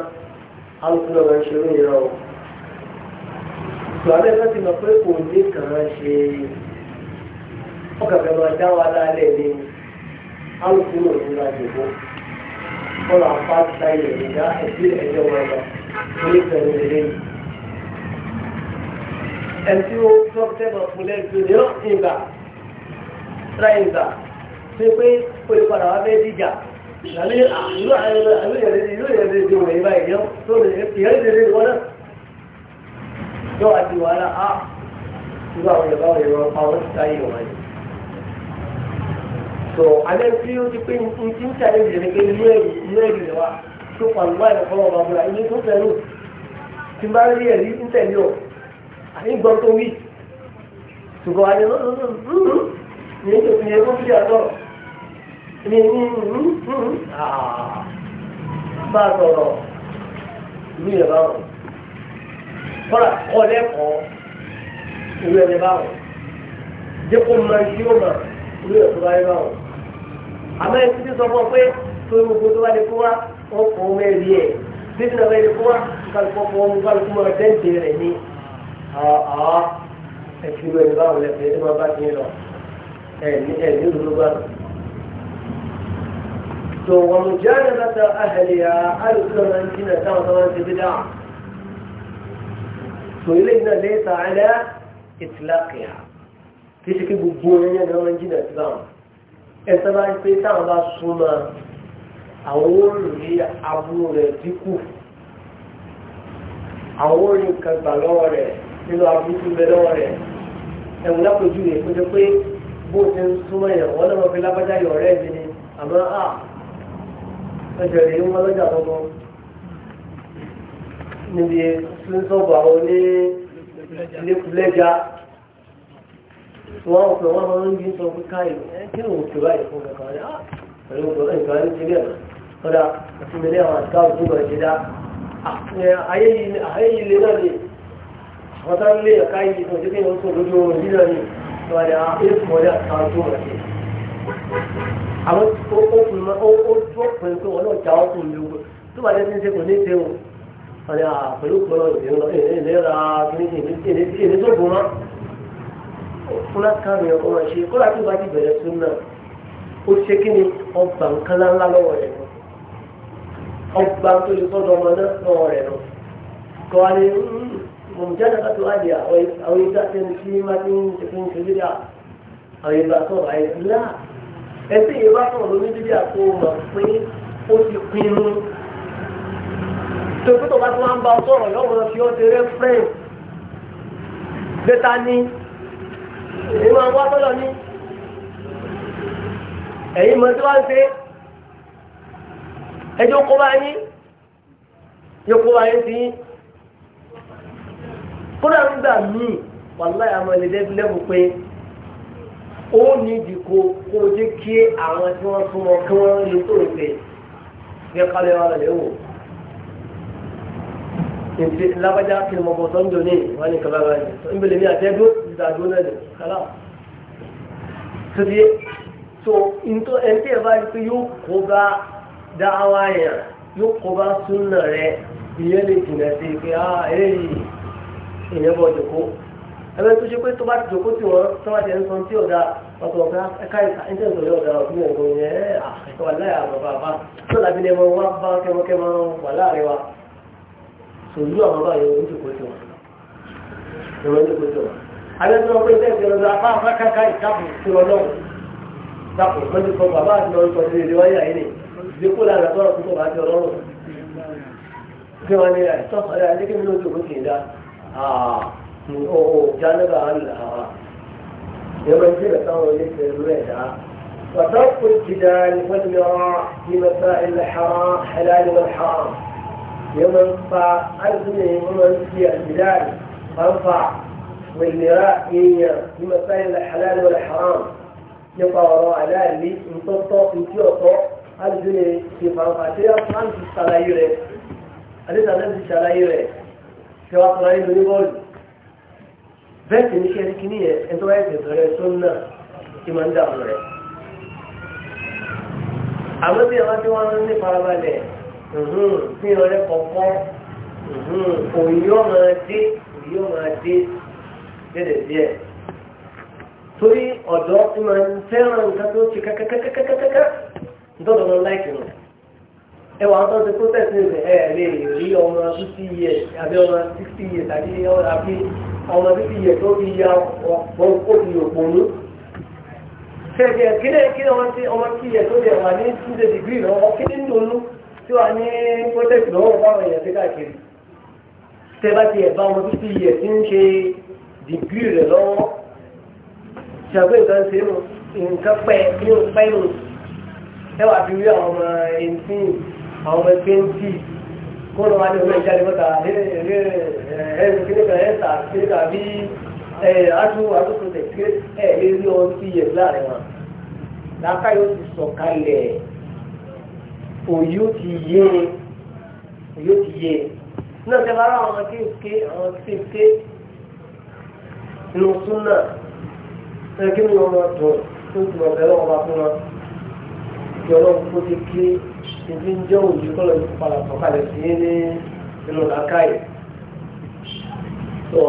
alùpùpù náà ń ṣe lóyìn náà o. ìtò alẹ́ fẹ́ ti mọ̀ pé kò ní kàn án ṣe ọkàn fẹ́ máa dá wa lálẹ́ ní alùpùpù náà ń ra jòkó kọ́ra fáti táyé ìdá ẹbí ẹjọ́ wọn lọ ní pẹ̀lú ilé yìí. ẹtí ó tọ́ tẹ́lọ̀ fún lẹ́gbẹ̀ẹ́ ní ìgbà tíráìgbà tó pé ó lè padà wá bẹ́ẹ̀ dìjà ìlú ìyẹ̀rẹ̀dẹ̀ wọ̀nyí báyìí yọ tó lè ìyẹ̀rẹ̀dẹ̀ wọn náà yọ àti wàhálà á ìlú àwọn ìyẹ̀bá wọn ìrọ̀ pa wọn ti táyé wọn yìí tó alẹ́ tí ó ti pé ní ti ń tẹ̀lé ìdílé pé inú ẹ̀rù inú ẹ̀rù rẹ̀ wá tó pàlú wáyé ọ̀pọ̀ ọmọ àbúrò ilé tó tẹ̀lé tí bá rí ẹ̀rí ń tẹ̀lé ọ̀ àyíǹgbọ́n tó wí ṣùgbọ́n alẹ́ lọ́dọ̀ọ́dọ̀ ní ètò ìyẹn tó fi àtọ̀rọ̀ ní bá a sọ̀rọ̀ ìlú ìyẹn báwọn kọ́lá kọ́ lẹ́kọ̀ọ́ ìlú ìyẹn báwọn jẹ́ kó máa ṣí ó máa ilé ọ̀tún bá rí báwọn. àmọ́ ẹni títí sọ fún ọ pé torí gbogbo tó bá lè kó wá wọn kò mọ ẹrí ẹ̀ títí náà bá lè kó wá kálukọ́ fún ọmọ kálukú máa dẹ́ǹdé rẹ̀ ní àá ẹ̀fí wẹ̀rẹ̀ báwọn lẹ́fẹ̀ẹ́ ẹ̀ máa bá ti lọ ẹ̀ní ẹ̀ní ló bá lọ. tó wọn mú jáde bàtà ahẹ̀lẹ̀ yà alùpùpù náà ń jìnnà táwọn tó máa ń ṣe tó ilé ìgbà lè ta ẹ̀lẹ́ ìtìlákìá kí ṣe pé gbogbo ẹyẹ ni wọ́n ń jìnà sí báwọn ẹ̀sán bá ń pé táwọn bá súnmọ́ àwọn olùrí aburú rẹ̀ dínkù àwọn orí nǹkan gbà lọ́wọ́ rẹ̀ nínú aburú tó bẹ lọ́wọ́ rẹ̀ ẹ̀wọ̀n lápòjú rẹ̀ kó jẹ́ pé bó ti ń súnmọ́ yẹn wọ́n lọ́wọ́ fi lábájá yọ ọ̀rẹ́ mi ni àmọ́ à ọjọ́ rẹ̀ ń wọ́n lọ́jà lọ́wọ́ níbi sísọ́ọ̀bù àwọn onílékulẹ́já wọ́n ń wọ́n máa ń yí sọ pé káyì kí ló ń pè báyìí fún kankan rẹ̀ á pẹ̀lú ọ̀rọ̀ nǹkan rẹ̀ ti bẹ̀rẹ̀ kọ́dà àti mẹ́lẹ́ àwọn àtìká òtún bẹ̀rẹ̀ ṣe dá ah, ayé yìí lé náà ni àwọn tá ń lé ẹ̀ka yìí tó ń ṣe kí wọ́n sọ lójú oorun yìí náà ni wọ́n á yẹ fún ọdẹ àtìká òtún bẹ̀rẹ̀ ṣe. àwọn ó dúró pẹ̀lú pé wọ́n náà já ọkùnrin lóko tó bá dẹ́ ti ń ṣe kò ní ṣe o fúnra káàmì ọkọ̀ máa ṣe kọ́lá tó bá ti bẹ̀rẹ̀ sún náà ó ṣe kí ni ọgbà nǹkan ńlá lọ́wọ́ rẹ̀ lọ ọgbà tó lè sọ́dọ̀ ọmọ náà lọ́wọ́ rẹ̀ lọ kọ́ wa ni hmm, hmm, mọ̀mùjáde kátó wá di àwọn ìgbà tẹ́ni tí má ti ń ṣe fún ṣe dídá àwọn ìgbà sọ̀rọ̀ àyè ńlá ẹsẹ̀ yìí bá sọ̀rọ̀ lórí dídá kó mọ̀ pé ó ti pinnu tó bá tó wá ń bá sọ̀rọ̀ lọ́wọ́ fi èyí máa wá tọ́lọ̀ ní ẹ̀yìn mọ̀ tí wá ń ṣe ẹjọ́ kó bá yín yóò kó bá yín sí yín kódà ń gbà míì wàláyà máa lè dẹ́bi lẹ́bù pé ó ní ìdìkò kó o jẹ́ kí àwọn tí wọ́n súnmọ́ kí wọ́n lè tó o pè ní kálí lè wò lábàjá kí ni mo bọ̀ sọ́njọ́ ní wọ́n ní kaba báyìí ń bẹ̀rẹ̀ ní àtẹ́dó náà lè kalam tó di so ntọ́ ẹni tí ẹ bá rí pé yóò kó bá dáhàwá yẹn yóò kó bá súnà rẹ ìyẹn lè jìnà sí i pé ah eléyìí ìyẹn bọ̀ jòkó ẹgbẹ́ tó ṣe pé tó bá ti jòkó tí wọ́n tó bá ti ń san tí ọ̀dà ọ̀tọ̀ ọ̀gá ẹ̀ka ìka ẹ̀ńtẹ́ ìtòlẹ́ ọ̀dà ọ̀gbìn ẹ̀kọ́ yẹn àìsàn wà láyà bàbá bá tó làbí lẹ́mọ wá bá kẹ́mọ́kẹ́mọ́ wà láàrin wa sòlú àwọn báyìí ó ń jòkó tí wọ́n àdéhùn ọgbẹ́ ìṣẹ́ ìṣẹ́ ìṣẹ́ apá apá kankan ìkápù sí ọlọ́run dàpọ̀ mọ́jú sọ bàbá àti lọ́rùn sọ nílé wáyé àyè ni ìdíkù lára sọ̀rọ̀ tó bàbá àti ọlọ́run kí wọ́n ní àìsàn ọ̀rẹ́ àdékè mi lójú òkú kì í dá ọ̀ọ́ jánẹ́bà àlà ẹ̀rọ ìṣẹ́ ìṣàwọn oníṣẹ́ rẹ̀ dá وترك الجدال والمراء في مسائل الحرام حلال والحرام يوم انفع أذنه ومن في الجدال انفع والمراء هي في مسائل الحلال والحرام يطارا على اللي انتطط انتيوطو الجنة في فرنساتي أصلا في السلايرة أليس أنا في السلايرة في أطرائي يقول بس إن شيء كنية أنت وعيك تغير سنة إيمان دابره àmọ́ أما في tí wọ́n ń ní farabalẹ̀ fi hàn rẹ̀ kọ̀ọ̀kan òyìn yóò máa dé òyìn yóò máa dé díẹ̀díẹ̀ torí ọ̀dọ́ tí máa ń fẹ́ràn nǹkan tó ti kákákákákákáká ntọ́dọ̀ lọ láìkì nù ẹ wà tó ń ṣe protest ní ẹ lè rí ọmọ fifty years àbí ọmọ sixty years àbí àbí ọmọ fifty years tó fi ya ọ̀pọ̀ òbí òpònú kẹ̀kẹ́ kílẹ̀ kílẹ̀ wọn ti ọmọ tí yẹ tó yẹ wà ní túnde dìgírì lọ́wọ́ kílẹ̀ ń dùnú tí wà ní protest lọ́wọ́ báwọn dìgírì rẹ̀ lọ́wọ́ ṣàgbé nǹkan ṣe nù nǹkan pẹ́ ní pẹ́ nù ẹwà fi rí àwọn ọmọ eighteen àwọn ọmọ twenty kó ló wá ní ọmọ ìjáde mọ́ta kíníkà ẹ̀ẹ́sà kíníkà bí aṣọ àtúntò tẹ̀ ẹ̀ lé rí ọ sí yẹ̀ láàrin wọn làákà yóò ti inú súnà ẹ kí ni wọn dùn tó dùn ọbẹ lọ́wọ́ bá fún wọn kí Ọlọ́run kó ti kí ibi ń jẹ òòjú kọlọ ní padà sọ̀kalẹ̀ sí ní inú làákàyè tó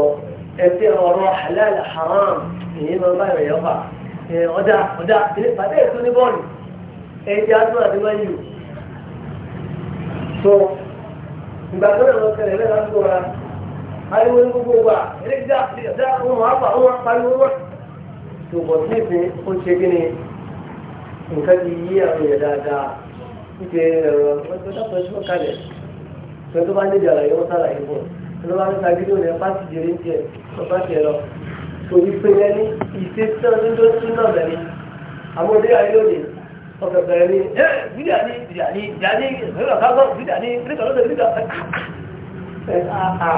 ẹbí ọ̀rọ̀ halal haram èyí máa bá ìrìn yọfà ọdá ọdá pàdé ètò ní bọ́ọ̀lù ẹjẹ adúlọ àti máa yù tó ìgbà tó lè lọ ṣẹlẹ̀ lẹ́nu àdúgbò wa pariwo ní gbogbo wa eré dídá dídá wọn máa fà wọn pariwo wọn. ṣùgbọ́n tí ìsìn ó ṣe kí ni nǹkan ti yí àwọn èèyàn dáadáa níbi ẹ̀rọ ọ̀dọ́dọ́pọ̀ ẹ̀ṣọ́ kalẹ̀ pé tó bá níbi àlàyé wọn sàlàyé fún un ló bá ń ta gídó ní apá ti jèrè tiẹ̀ ọba tiẹ̀ lọ. òní pé ẹni ìṣe tí wọn nílò tún náà bẹ̀rẹ̀ àmọ́dé ayé lónìí ọ̀fẹ́ bẹ̀rẹ̀ ní ẹ̀ bídà ní bídà ní bídà ní ìrẹ́lọ̀ kágbọ́ bídà ní ìrẹ́lọ̀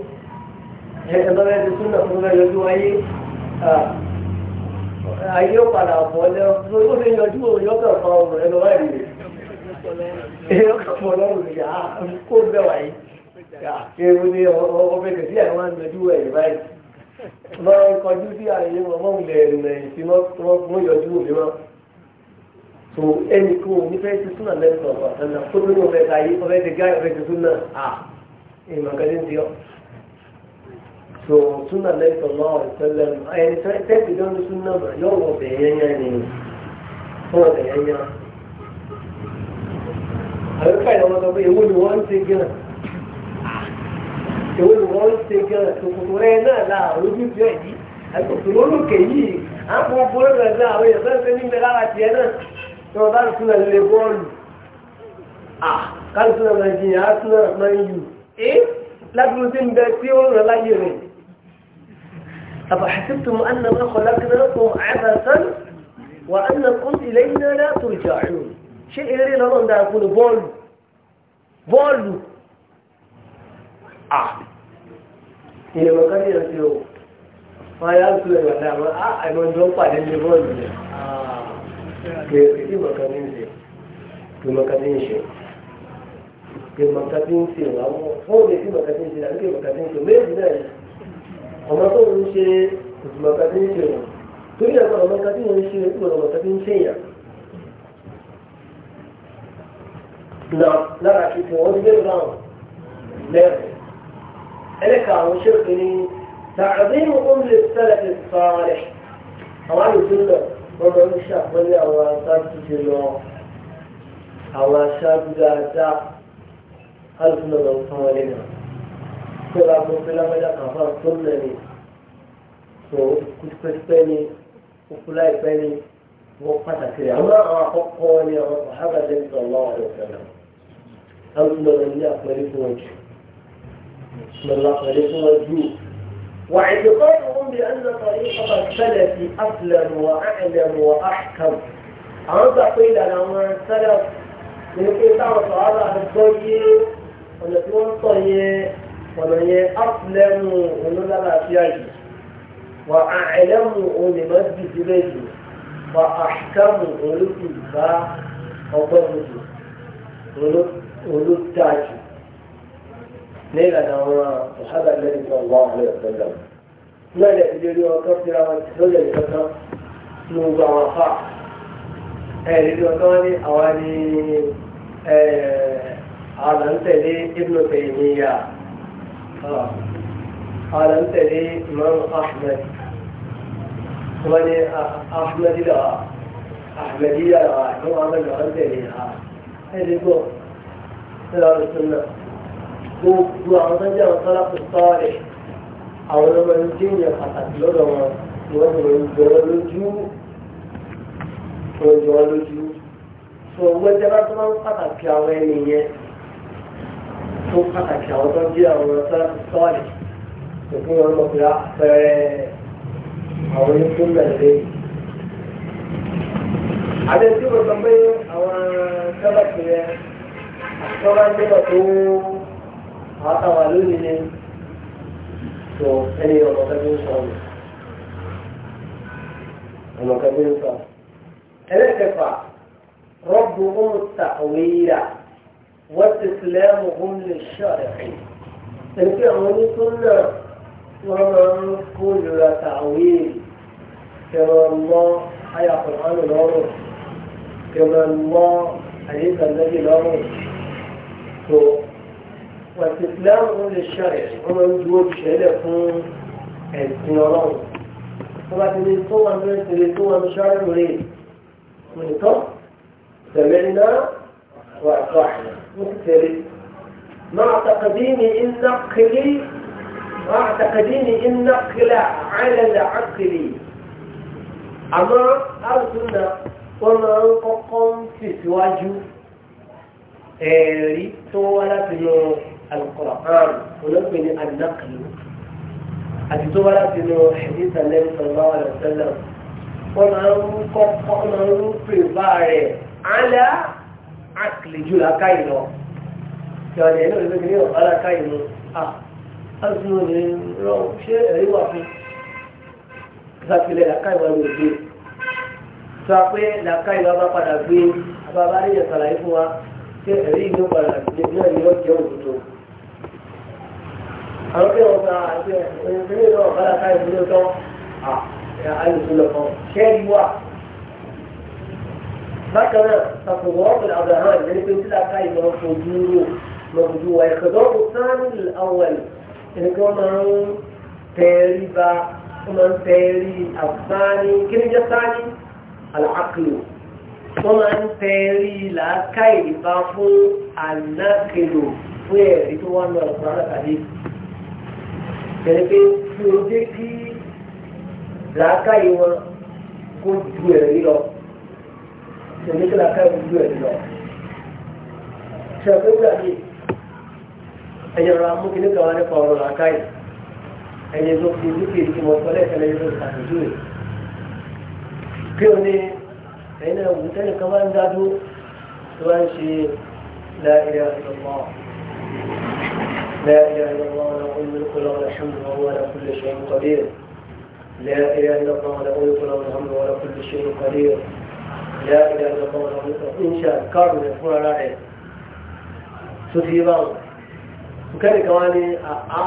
ẹ̀ẹ́dọ́rẹ́ ti súnà fún mi lójú ayé ayé ó padà bọ̀ lẹ́ ó lè yọjú òun yọ kàn fa ọrùn rẹ lọ́wọ́ ẹ̀mí yọ kàn fọ lọ́rùn rẹ yà kó bẹ́ẹ̀ wáyé kéwù ni ọbẹ̀ kẹ̀sí àwọn máa ń yọjú ẹ̀yìn báyìí lọ́wọ́ ń kọjú sí àyè wọn mọ́ wulẹ̀ ẹ̀rìnlẹ̀ tí wọ́n yọjú òun mọ́ so ẹnì kó o nífẹ̀ẹ́ ti súnà lẹ́sọ̀ọ́ àtàlà kó ló ní ọbẹ̀ káyé ọbẹ̀ ti gáyé ọbẹ̀ ti súnà à ìmọ̀ kẹ́lẹ́ ń ti ọ́ so súnà lẹ́yìn tọ́lá ìfẹ́lẹ́ ẹni tẹ́ẹ̀tì gan ní súnà mà yóò wọ bẹ̀yẹ̀ yẹn ni wọ́n bẹ̀yẹ̀ yẹn. àwọn ìfẹ́ ìlànà sọ pé èwo ni wọ́n ń ṣe gan èwo ni wọ́n ń ṣe gan tòkòtò rẹ̀ náà la àrójú jọ yìí àtòkòtò lólùkè yìí àpò bọ́ọ̀lù rẹ̀ náà àwọn èèyàn bẹ́ẹ̀ fẹ́ níbẹ̀ lára tiẹ̀ náà tí wọ́n bá ń súnà lé bọ́ọ̀lù kálùsùnà máa jìyàn á súnà máa ń yù é lábúrú tí ń bẹ tí ó ń rán láyé rẹ̀ أفحسبتم أنما خلقناكم عبثا وأنكم إلينا لا ترجعون شيء إليه لمن ده يقول بول بول آه إلى ما كان يرسلوا ما يرسلوا ولا ما آه أي من جوا بعدين يقول آه كيف ما كان ينسي كيف ما كان ينسي كيف ما كان ينسي لا هو كيف ما كان ينسي لا كيف ما كان ينسي ما ينسي ọmọ tó ń ṣe ìtumọ̀ká tí ń ṣe yàn torí ẹ̀kọ́ ọmọ ká tí ń ṣe ìtumọ̀ tí ń ṣe yàn. nà lára kí tí wọ́n ti dé lẹ́rù ẹlẹ́ka àwọn ṣèkì ni تعظيم أم السلف الصالح àwọn àlùfínà wọn lọ ń ṣàpọ́nlé àwọn aṣáájú ṣe lọ àwọn aṣáájú dáadáa àlùfínà lọ ń fún wọn lẹ́nu tó ra mo pé lágbájá kàfà tó lẹ̀ ni tó kú pẹ́pẹ́ ni kúkú láìpẹ́ ni wọ́n pàtàkì rẹ̀ àwọn àwọn àkọ́kọ́ ni àwọn sàhábà lẹ́yìn tó lọ́wọ́ àwọn ọ̀sẹ̀rẹ̀ àwọn tó lọ́wọ́ ní àpẹẹrẹ fún wọn jù lọ́wọ́ àpẹẹrẹ fún wọn jù واعتقادهم بأن طريقة السلف أسلم وأعلم وأحكم àwọn gbà pé ìlànà àwọn sẹ́lẹ̀ ní pé táwọn sọ̀rọ̀ àdúgbò yé ọ̀nà tí wọ́n ń tọ̀ yẹn ọ̀nà yẹn áfúlẹ́mù olólàlàáfíà yìí wà àìlẹ́mù olèmọ́dìdìlẹ̀ yìí wà àṣìkámù olùkùnbá ọgbọ́nmùdù olùtàjù ní ìlànà àwọn ọ̀hádà lẹ́yìn tó wà ọ̀hún ẹ̀fẹ́lẹ̀ lẹ́yìn ìdílé ọkọ̀ fira wọn ti lọ́lẹ̀ ìfẹ́kọ̀ ní gbogbo àwọn afá ẹ̀ẹ́dẹ́gbẹ́ ọkọ̀ wọn ní àwa ní ẹ̀ẹ́ àlàntẹ̀lé ibùdókè قال انت لي من احمد وأنا احمد لا احمدية لا هو عمل انت لي هذه هو سلام السنة هو عمل الخلق الصالح او لما يمكن يخطط له وجه الجوالوجو وجه الجوالوجو فهو جرى طبعا قطع في عوانيه tó pàtàkì àwọn tó ń bí àwọn sọ́ọ̀lì òfin wọn lọ pé àpẹẹrẹ àwọn onífúnlẹ̀ lé. Adé tí mo sọ pé àwọn sọ́ọ̀lì yẹn àtọ́lá ń débọ̀ tó àwọn táwa lónìí ni tó ẹni ọmọ kan ń sọ mi. Ọmọ kan ń sọ. Ẹlẹ́kẹ̀fà rọ́bù ó ń ta òwe yíra. واستسلامهم للشارع ẹnìkí àwọn onísọ́nà wọn máa ń kó ìrora tàwíì kẹrọ mọ ayàkùnrin lọ́rùn kẹrọ mọ àyíkàndẹ́bì lọ́rùn tó واستسلامهم للشارع wọn máa ń dúró ìṣẹ̀lẹ̀ fún ẹ̀sìn ọlọ́run wọn bá ti ní tó wọn ní ìṣẹ̀lẹ̀ tó wọn ní sáré rèé wọn nìkan tẹ̀lé náà. وإطاعنا مقتري مع تقديم إن نقلي مع تقديم إن نقل على العقل أما أرسلنا وما أنققم في سواج إيري طولة القرآن ونبني النقل àtìtòwálàtì nù hadith Ànábì صلى الله عليه وسلم máa ń kọ́kọ́ máa ń pè àkìlì jù láká ìlọ ìjọdẹ̀ inú ìlú ní ọ̀láká ìlú àtúnú ní rọ ṣé ẹ̀rí wà fún ìsàkìlẹ̀ láká ìwà ní òde sọ pé láká ìwà bá padà gbé àbábá ní ìyàsàlàyé fún wa ṣé ẹ̀rí ìlú padà náà ni ó jẹ́ òdodo àwọn kí wọn gba àti ẹ̀rí ìlú náà bá láká ìlú tó tán àìsùn lọ́kàn ṣé ẹ̀rí wà bákanáà takùnwọ́ ọ̀pẹ̀lẹ̀ abraham ẹni pé tílà ká ìmọ̀ fojú rò lọ́gbọ̀dù wa ẹ̀kọ́dọ́ kò sáánù àwọn ẹni pé wọ́n máa ń tẹ́rí ba wọ́n máa ń tẹ́rí àfáàní kí ni jẹ́ sáání àlàákìlò wọ́n máa ń tẹ́rí làákà ìdìbá fún ànákìlò fún ẹ̀rí tó wà náà kúrò àlàkàdé ẹni pé tí o jẹ́ kí làákà wọn kó ju ẹ̀rí lọ tẹ̀lé kí làákà ìlú ẹ̀ lọ. ṣàpé wúlà bíi ẹ̀yẹ̀ rọra mú kíní kan wá nípa ọ̀rọ̀ làákà yìí ẹ̀yẹ̀ tó fi ní kiri tí mo sọ lẹ́ẹ̀kan lẹ́yìn tó ṣàtúntò rẹ̀. kí o ní ẹ̀yin náà wù tẹ́lẹ̀ kan máa ń dájú tó bá ń ṣe láìra ìlọ́mọ́ لا إله إلا الله له الملك وله الحمد وهو على كل شيء قدير لا إله إلا الله له الملك وله الحمد وهو على كل شيء قدير ìyá ìyá ìjọba ọ̀rọ̀ ń ṣe àkàrò rẹ̀ fún ara rẹ̀ tó ti yé báwọn kẹ́nìkan wá ní àá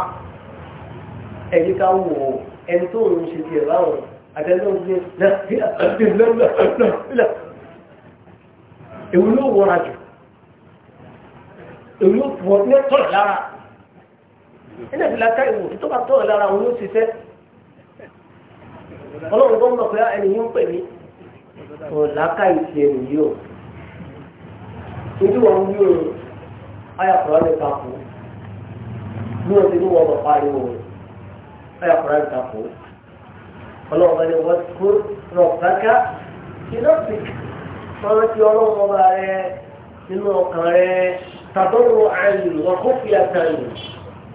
ẹ̀yí ká wò ó ẹni tó ń ṣe tiẹ̀ báwọn àtẹ́lẹ́ ń gbé lẹ́lẹ́lẹ́lẹ́lẹ́ èwo ló wọra jù èwo ló wọ ní tọ̀rọ̀ lára ẹni àti làákà ìwò tó bá òlàkà ìṣe nìyí o ojú wọn ń yóò ayàkùrọ̀ lè takò bí wọ́n ti ní wọ́n bọ̀ pariwo ayàkùrọ̀ lè takò ọlọ́run bá ní wọ́n kó rọ̀bákà kìlọ́sìkì sọ́nà tí ọlọ́run ọba rẹ nínú ọkàn rẹ tàbọ̀rù àyè wọn kó fi àtàlù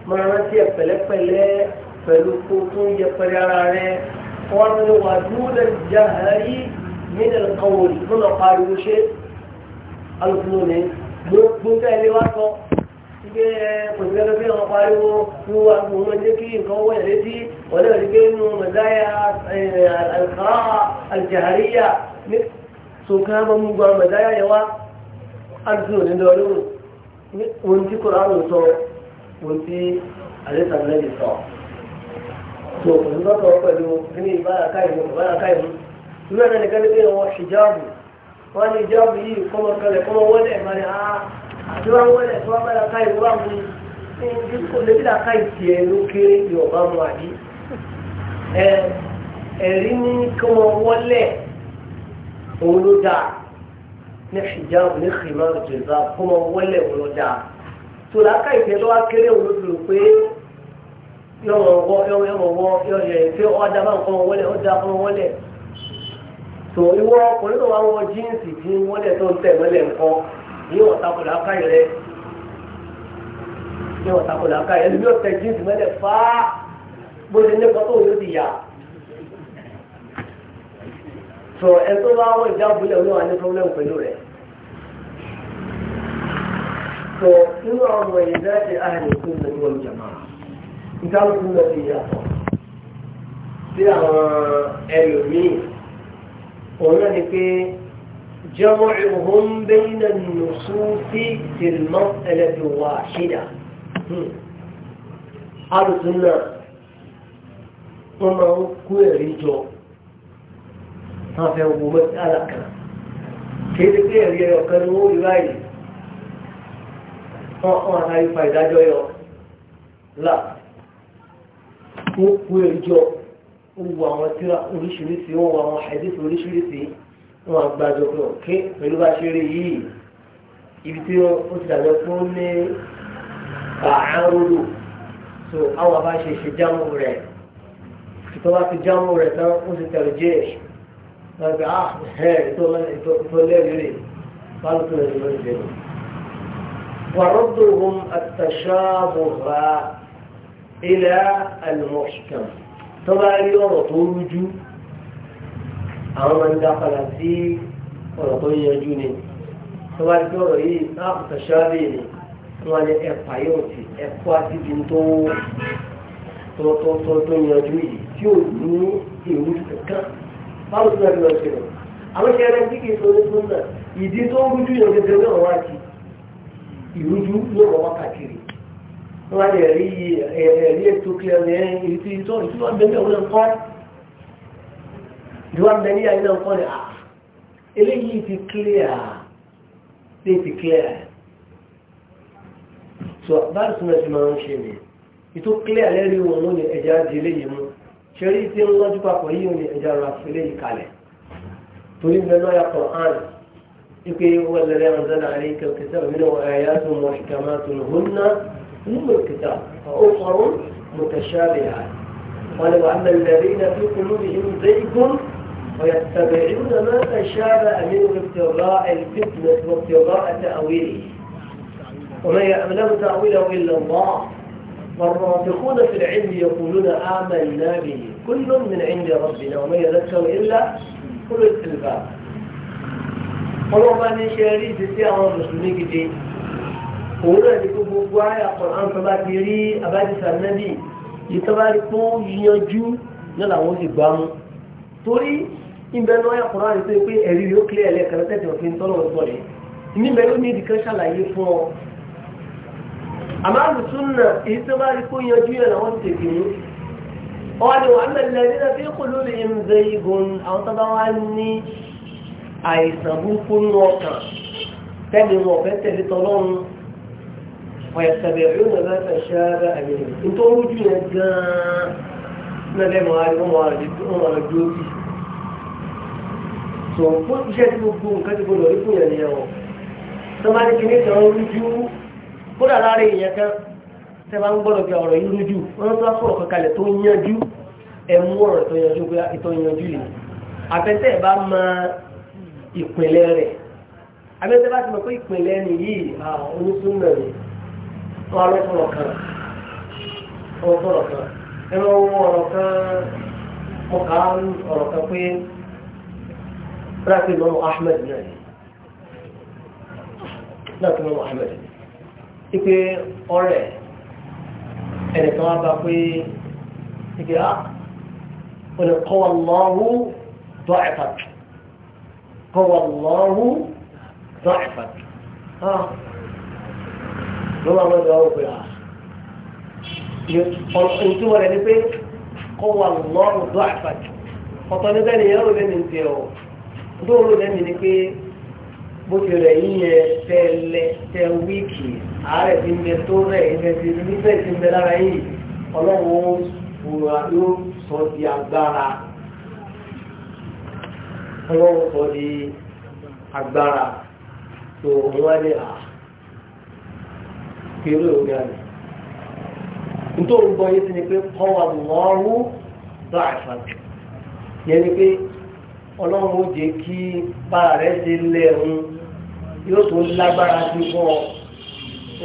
máa rántí ẹ̀ pẹ̀lẹ́pẹ̀lẹ́ pẹ̀lú kó tó yẹpẹrẹ ara rẹ wọ́n ní wàdúrà jáhárì. من القول من القارئ شيء الفنونين مو بنت اللي واتو تيجي كنت في القارئ هو مهمن ذكي قوة التي ولا رجل مزايا آه، القراءة الجهرية مك سكام مبا مزايا يوا الفنونين دولون مك وانتي قرآن وصو وانتي عليه الصلاة والسلام تو ìlú ẹ̀rọ nìkan ní pé wọ́n hijabu wọ́n ní hijabu yìí kọ́mọ kalẹ̀ kọ́mọ wọlé ẹ̀ máa ní àti wọ́n wọlé ẹ̀ tó wọ́n bá dàka ìwé wà mú ní kò lè bí dàka ìtì ẹ̀ ló kéré yorùbá mu àbí ẹ̀rí ní kọ́mọ wọlé òun ló dáa ní hijabu ní xìmá jùlọ kọ́mọ wọlé òun ló dáa tó dàka ìtì ẹ̀ ló wá kéré pé yọ̀wọ̀ wọ́ yọ̀wọ̀ wọ́ yọ̀yẹ̀ pé ọ̀dà bá ń kọ́mọ wọlé ọ̀dà kọ́mọ wọlé tò ìwọ ọkùnrin tó wà wọ jíǹsì tí wọ́n lẹ̀ tó ń tẹ̀ mọ́lẹ̀ ńkọ́ yíò ọ̀takùnrin akáyọ̀ rẹ̀ yíò ọ̀takùnrin akáyọ̀ ẹni bí ó tẹ jíǹsì mọ́lẹ̀ fá bó ṣe nípa tó yóò ti yà tò ẹ tó bá wọ ìjà òbúlẹ̀ ní wà ní pọ́blẹ́mù pẹ̀lú rẹ̀ tò nínú ọmọ ìdá ti àhàlẹ̀ tó ń lọ jàmá ìdálókun lọ sí ìyàtọ̀ sí àwọn ẹlòmíì òun náà ni pé جمعهم بين النصوص في المسألة الواحدة أرضنا وما هو كويريجو هذا هو مسألة كيف كيري يقنوا يبايل ọ̀hún àtàrí fàìdájọ́ yọ láà ó kú èrìjọ́ gbogbo àwọn tí oríṣiríṣi wọn wọ àwọn hadith oríṣiríṣi wọn àgbàjọ pé òkè pẹ̀lú bá ṣe rí yìí ibi tí ó ti dàgbẹ́ fún ní àárúdù so àwọn bá ṣe ṣe jámù rẹ̀ tó bá ti jámù rẹ̀ tán ó ti tẹ̀lé jẹ́ wọn gbé ah ẹ̀ ìtọ́lẹ́rìí rẹ̀ bá ló tó lè lọ ìjẹ́ lọ. وردهم التشابه إلى المحكم tó bá rí ọ̀rọ̀ tó rújú àwọn máa ń dá padà sí ọ̀rọ̀ tó yanjú ni tó bá rí ọ̀rọ̀ yìí láàpùtà ṣáàbì ni wọ́n ní ẹ̀pà yóò ti ẹ̀kọ́ àtìbí tó tó yanjú yìí tí ò ní ìwú kankan báwo tó yàgbé lọ sí rẹ̀ àwọn ṣe ẹrẹ́ kíkì tó ní fún náà ìdí tó rújú yàn gẹ́gẹ́ náà wá ìrújú yóò wọ́n wá kàkiri wọ́n á lè rí ẹ̀rí ètò kí ọ̀nà ẹ̀yìn èyí tí tó ìtú wọn bẹ̀rẹ̀ òun nǹkan ìlú wọn bẹ̀rẹ̀ yàrá iná nǹkan ni ah, eléyìí ti clear ṣé ti clear so báyìí tí wọ́n ti máa ń ṣe ni ìtú clear lẹ́rí òun ló ní ẹ̀já di eléyìí mú ṣeré tí ń lọ́jú papọ̀ yìí ò ní ẹ̀já ra fi eléyìí kalẹ̀ torí bẹ́ẹ̀ náà yàtọ̀ hàn ipe wọ́n lẹ́rẹ́ àwọn zánà àríkẹ́ òkè sẹ́wọ̀n mí نور الكتاب وأخر متشابهات قال أن الذين في قلوبهم زيغ ويتبعون ما تشابه منه ابتغاء الفتنة وابتغاء تأويله وما يعلم تأويله إلا الله والراسخون في العلم يقولون آمنا به كل من عند ربنا وما يذكر إلا كل الألباب ọlọ́pàá ما نشاري rí ìdí sí òun náà ní kó gbogbo àyà kọ̀ọ̀án tó bá ti rí abájísà nẹ́bì yìí tó bá rí pé ó yanjú náà làwọn sì gbá mú torí ìbẹ̀nu àyà kọ̀ọ̀án rí pé ẹ̀rí yóò kílẹ̀ ẹ̀lẹ́kẹ̀rẹ́ tẹ̀sí òfin tọ́lọ̀ sọ̀rọ̀ níbẹ̀ ló ní ìdíkan ṣàlàyé fún ọ àmọ́ àlùsùn náà èyí tó bá rí pé ó yanjú náà làwọn sì tètè mú wọ́n ni wọ́n ní ويتبعون ما تشابه منه انتم وجونا جان نبي معارض ومعارض ومعارض so ó jẹ́ tí gbogbo nǹkan tí gbogbo orí fún yẹn nìyẹn o tó máa ní kí ní kan rújú kódà lára èèyàn kan tẹ́ bá ń gbọ́dọ̀ bí ọ̀rọ̀ yìí rújú wọ́n tó bá sọ̀rọ̀ kankalẹ̀ tó yanjú ẹ̀mú ọ̀rọ̀ tó yanjú pé ìtọ́ yanjú yìí àfẹ́tẹ́ bá mọ ìpìlẹ̀ rẹ̀ àfẹ́tẹ́ bá wọn ló sọ̀rọ̀ kan wọn sọ̀rọ̀ kan ẹnu ọ̀rọ̀ kan mo kà á ọ̀rọ̀ kan pé láti Imam Ahmed náà ni láti Imam Ahmed ipe ọ̀rẹ́ ẹnìkan wá bá pé ike a ah, ọ̀nà kọ́wà lọ́rùn dọ́ ẹ̀fà kọ́wà lọ́rùn dọ́ ẹ̀fà ló máa mọ́tò ọ̀hún pé ọ̀hún tí wọ́n rẹ̀ ni pé kọ́ wà lọ́rùn tó àfàjù ọ̀tọ̀ níbẹ̀ ni yẹ́rù lẹ́mi ń tẹ̀ ọ́ dóòrò lẹ́mi ni pé bó ti rẹ̀ yín yẹ tẹ́lẹ̀ tẹ́ wíìkì àárẹ̀ ti ń bẹ tó rẹ̀ ìfẹ́ ti níbẹ̀ ti ń bẹ lára yìí ọlọ́run fura yóò sọ di agbára ọlọ́run sọ di agbára tó wọ́n lè hà. Ah, irú ìwé rẹ̀ nítorí gbọ́ yé ti ni pé kọ́wà lọ́rù bá àṣà yẹn ni pé ọlọ́run ó jẹ́ kí bá rẹ̀ ṣe lẹ́run yóò tó lágbára sí fún ọ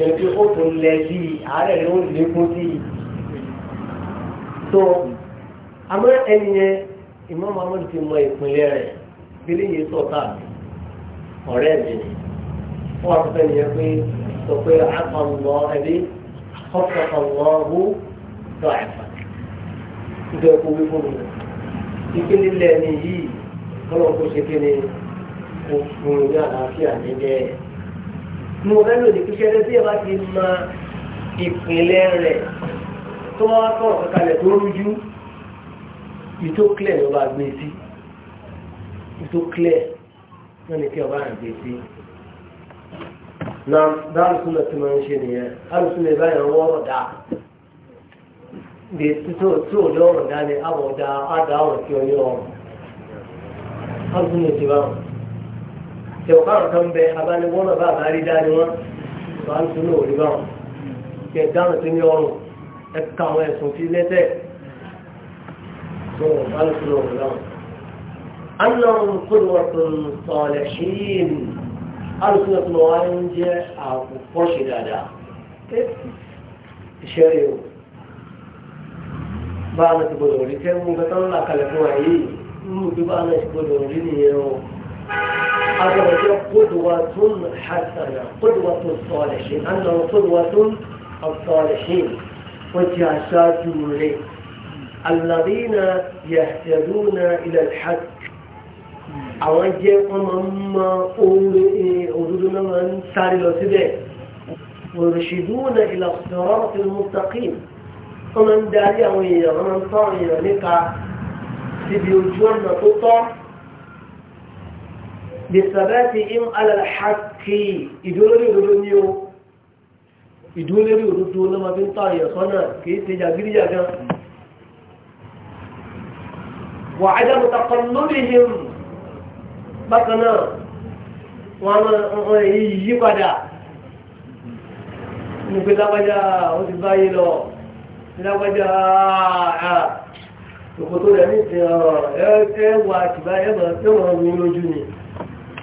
ẹni pé ó tó lẹ bí àárẹ̀ rẹ̀ ó lékún sí i tó àmọ́ ẹni yẹn ìmọ̀ mamman ti mọ ìpínlẹ̀ rẹ̀ bí lè sọ̀tà ọ̀rẹ́ mi wọ́n á nìyẹn pé sọ pé àpàlọ́ ẹbí ọ̀pọ̀lọ́wọ́ lọ àìfà nígbà ẹ̀kọ́ wí fún mi ìpínlẹ̀ ilẹ̀ ni yìí kọ́lọ̀ kó ṣe kí ni kò fún ní àlàáfíà nílẹ̀ mo fẹ́ lòdì kí ṣẹ́rẹ́ tí ẹ bá ti mọ ìpínlẹ̀ rẹ̀ tó wá kọ̀ọ̀ kankalẹ̀ tó rújú ìtókìlẹ̀ ló bá gbé sí ìtókìlẹ̀ náà kí ọba àgbè sí na dáàrùsùn tí wọ́n ń ṣe nìyẹn dáàrùsùn lè báyìí àwọn ọ̀rọ̀ dáa bí tí ò lọ́rọ̀ dáa ni àwọ̀ dáa á dáa ọ̀rọ̀ tí ó ní ọ̀rọ̀ dáàrùsùn lè ti báwọn. tẹ̀wọ́ káwọn kan bẹ abániwọ́nà bá àbárí dáa ni wọ́n dáàrùsùn lè rí báwọn. kí ẹ dáhùn tó ní ọrùn ẹ ka àwọn ẹ̀sùn sí lẹ́tẹ̀ tó dáàrùsùn lè rí báwọn. أرسل طلوان جاء وفرش دادا إشاريو بعد تبدوري تيمو بطل الله كلمو عيي موتو بعد تبدوري نيرو أرسل جاء قدوة حسنة قدوة الصالحين أنه قدوة الصالحين وجعشات جمولي الذين يهتدون إلى الحق àwọn jẹ́ ọmọ mọ́ òdodo náà máa ń sáré lọ síbẹ̀ murshiduna ila sirati almustaqim ọmọ ń darí àwọn èèyàn ọmọ ń tọ́ àwọn èèyàn níka síbi ojú ọ̀nà tó tọ́ bisabatihim ala alhaqqi ìdúrórí òdodo ní o ìdúrórí òdodo ló máa fi ń tọ́ àyẹ̀ sọ́nà kìí ṣe jàgídíjàgan wa adam taqallubihim bákan náà wọ́n àwọn èyí yí padà ní pé lágbájá ó ti báyé lọ lágbájá òkòtò rẹ̀ ní ti ẹwà àtìbá ẹwà mi lójú ni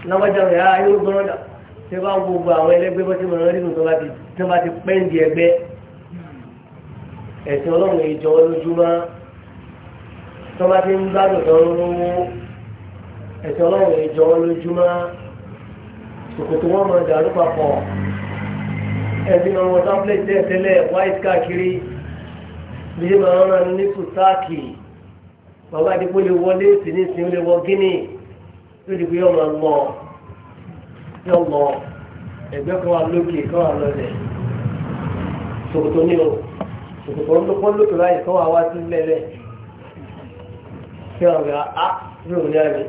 lágbájá rẹ̀ ayé ó gbọ́n dà bá gbogbo àwọn bọ́ sí bá ti pẹ́ǹdì ẹgbẹ́ ẹ̀sìn ọlọ́run ìjọ bá ti ń gbádùn tán lówó ẹ̀sìn ọlọ́run ìjọ lójúmọ́ ṣòkòtò wọn máa dàrú papọ̀ ẹbí náà wọn tábìlẹ̀tì tẹ́lẹ̀tẹ́lẹ̀ white káàkiri bí ṣe máa ń rán ní sùtáàkì bàbá àdìpọ̀ lè wọlé sínísìn lè wọ gíní ló dìbò yọ máa lọ yọ lọ ẹgbẹ́ kan wà lókè kan wà lọlẹ̀ ṣòkòtò ní o ṣòkòtò wọn lókè láyè kan wà wá sí lẹ́lẹ̀ kí wọn gbà á ah, yóò ní àná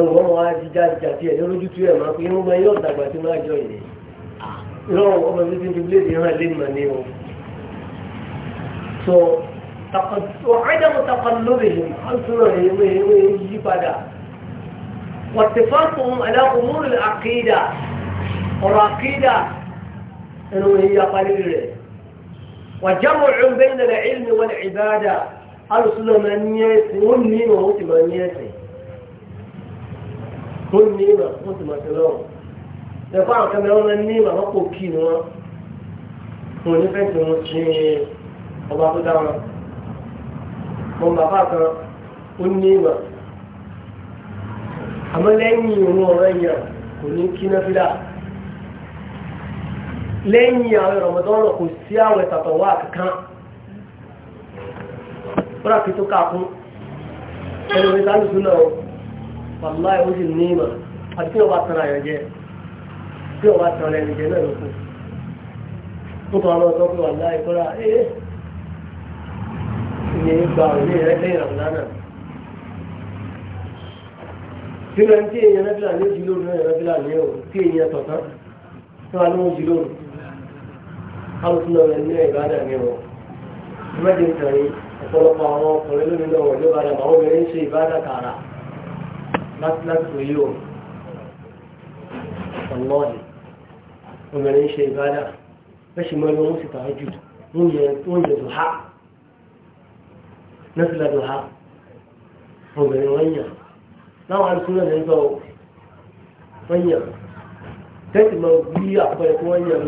wọn wá jíjá jàdí ẹ̀ lójú tú ẹ̀ máa pé irun máa yọ̀ dàgbà tí máa jọ ìní ìrọ̀rùn ọmọ mi ti ń dúpẹ́ lè hàn lé mà ní o. so ọ̀hánjáwó takọ̀lóbè ọ̀túnrọ̀ ìwé ìwé yí padà wọ̀tẹ̀fọ́sùn aláwòmúrò àkéèdà ọ̀rọ̀ àkéèdà ẹnu ìyapa lórí rẹ̀. وجمع بين العلم والعبادة السلمانيات والنين وهو تمانيات tó ní ìmọ̀ fún tìmọ̀tì náà ẹ̀fọ́ àwọn kẹmẹ́rẹ́ wọn ní ìmọ̀ wọn kò kí wọn wọn ní fẹ́ẹ́ tí wọn ṣe ọba tó dá wọn mọ bàbá kan ó ní ìmọ̀ àmọ́ lẹ́yìn ìrún ọ̀rẹ́ yẹn kò ní kí náà fi dà lẹ́yìn àwọn ìrọ̀mọdọ́rọ̀ kò sí àwọn ìtàtọ̀wà kankan ó rà kí tó ká fún ẹni orí sálùsù náà wàláì ó sì ní ìmọ̀ àti kí ọba tan àyàn jẹ kí ọba tan ẹni jẹ náà ló kù eh, eh. nípa ọmọ ọ̀sán pé wàláì kọ́ra ee ìyẹn gba òní rẹ lẹ́yìn àbúlá náà tí wọ́n ti èèyàn náà fìlà ní ojú lóru náà yẹn fìlà ní o tí èèyàn tọ̀tán tí wọ́n á lóun ojú lóru káwọn tún náà rẹ ní ìbádà ní o ìmọ̀jẹ̀ ń tàn ọ̀pọ̀lọpọ̀ àwọn ọkùnrin lónìí náà wọ̀ ní ìbádà àwọn obìnrin ń ṣe ìbádà tààrà. láti yìí o ọlọ́ọ̀dì obìnrin ṣe ìbádà bẹ́ṣì mọ́ ẹgbẹ́ wọ́n sì tàá jù wọ́n yẹ dùhá nẹ́sìlẹ̀ dùhá obìnrin wọ́n yàn láwọn arúgbó náà lẹ́sọ̀ wọ́n yàn tẹ́sì mọ́ bí àpẹẹrẹ tí wọ́n yàn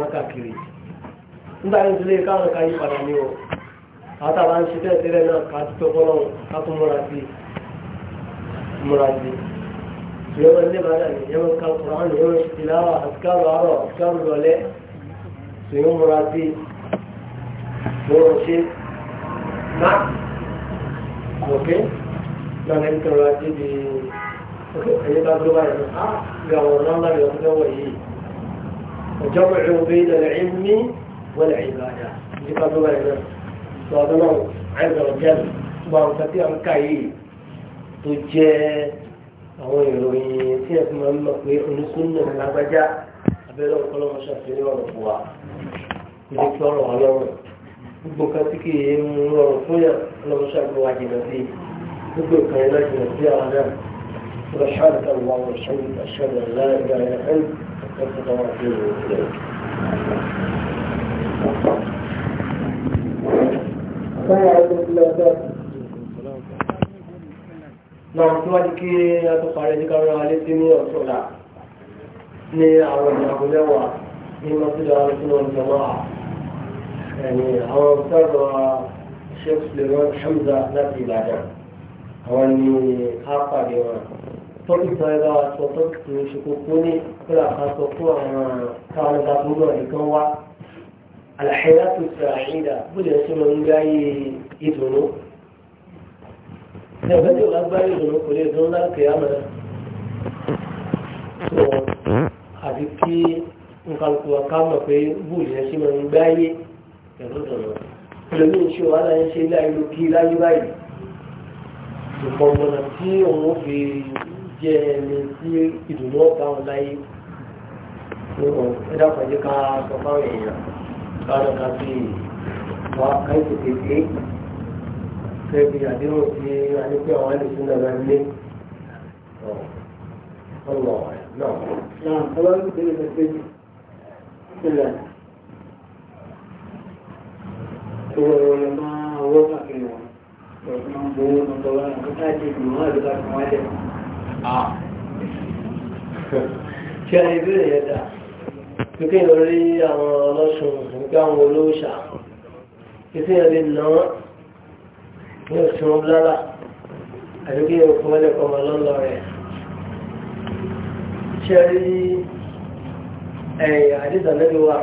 lọ́kọ̀ nígbà yẹn tilé káwọn ká yí padà ní o àwọn tá a bá ń ṣe tẹ́lẹ̀ tẹ́lẹ̀ náà ká dúpẹ́ fọ́nà ká tún múra sí múra sí ìyẹn wọn lé bàdà ní ìyẹn wọn ká kúrọ̀ àwọn ìyẹn wọn ṣe tìláwà àtikáwò àárọ̀ àtikáwò lọ́lẹ́ ìyẹn múra sí múra ṣe ná òkè ah, náà lẹ́yìn tó rà di ẹ̀yẹ bá gbé báyìí náà á náà lábẹ́ ọ̀gbẹ́wọ̀ yìí ọjọ́ bẹ̀rẹ̀ òbí والعبادة يبقى بمعنى صادنا عز وجل سبحانه وتعالى كاي تجاه àwọn ìròyìn tí ẹ fi máa ń mọ̀ pé onísúnnà lágbájá abẹ́rẹ́ ọ̀pọ̀lọpọ̀ ṣàfihàn ọ̀rọ̀ fún wa kìí kí ọ̀rọ̀ ọlọ́run gbogbo kan tí kìí mú ọ̀rọ̀ fún yà ọlọ́run ṣàfihàn wa jìnà sí gbogbo ìkan iná jìnà sí àwọn náà رشاد الله وشهد أشهد أن لا إله إلا أنت أستغفرك sáyà ẹgbẹ́ ìpínlẹ̀ ọ̀dọ́ náà tí wọ́n ti kí ẹ̀tọ́ parẹ́ ní kárọ̀ alẹ́ sí ní ọ̀ṣọ́lá ní àwọn ìyàwó mẹ́wàá ní mọ́sílẹ̀ alẹ́sìn ọ̀jọ̀mọ́ ẹ̀yìn àwọn sọ̀rọ̀ Sheikh Suleiman Hamza láti Ìbàdàn àwọn ni a pàdé wọn tọ́kì sọ ẹ bá wa sọ tọ́kì tó ṣe kókó ní kí làkà sọ fún àwọn táwọn الحياة السعيدة بدا سمن جاي يدونو ده بدي غبا يدونو كل يدون القيامة àbíkí nkàlùkù àkámọ̀ pé búùlù yẹn sí máa ń gbáyé ẹ̀rọ dọ̀nà pẹ̀lú ìṣe wàhálà ń ṣe láì ló kí láyé báyìí ìpọ̀ ọ̀nà tí òun fi jẹ ẹni tí ìdùnnú ọ̀gá wọn láyé ẹ̀dá pàdé ká sọ fáwọn èèyàn baraka fi wa kai su teke sai bi àdéhùn tí a ní pé àwọn àdéhùn náà bá lé ọ̀rọ̀ náà. náà ọba ń bèrè lọ sí ẹjì sílẹ̀ tó rọrùn máa wọ́ káàkiri wọn lọ́sùn máa ń bọ́ owó lọ́tọ́ wá ní káàkiri ìgbìmọ̀ àdúgbò àti wọn lẹ̀. Ah. ṣé ìbéèrè yẹn dáa? pípé yẹn rí àwọn ọlọ́sùn nígbà àwọn olóòṣà pípé yẹn lè nà án ní òsùn lára àti pípé yẹn kọ́ lẹ́kọ̀ọ́ ọmọ lọ́lọ́ rẹ̀ ṣe rí ẹ̀yà àdìsá lẹ́bi wa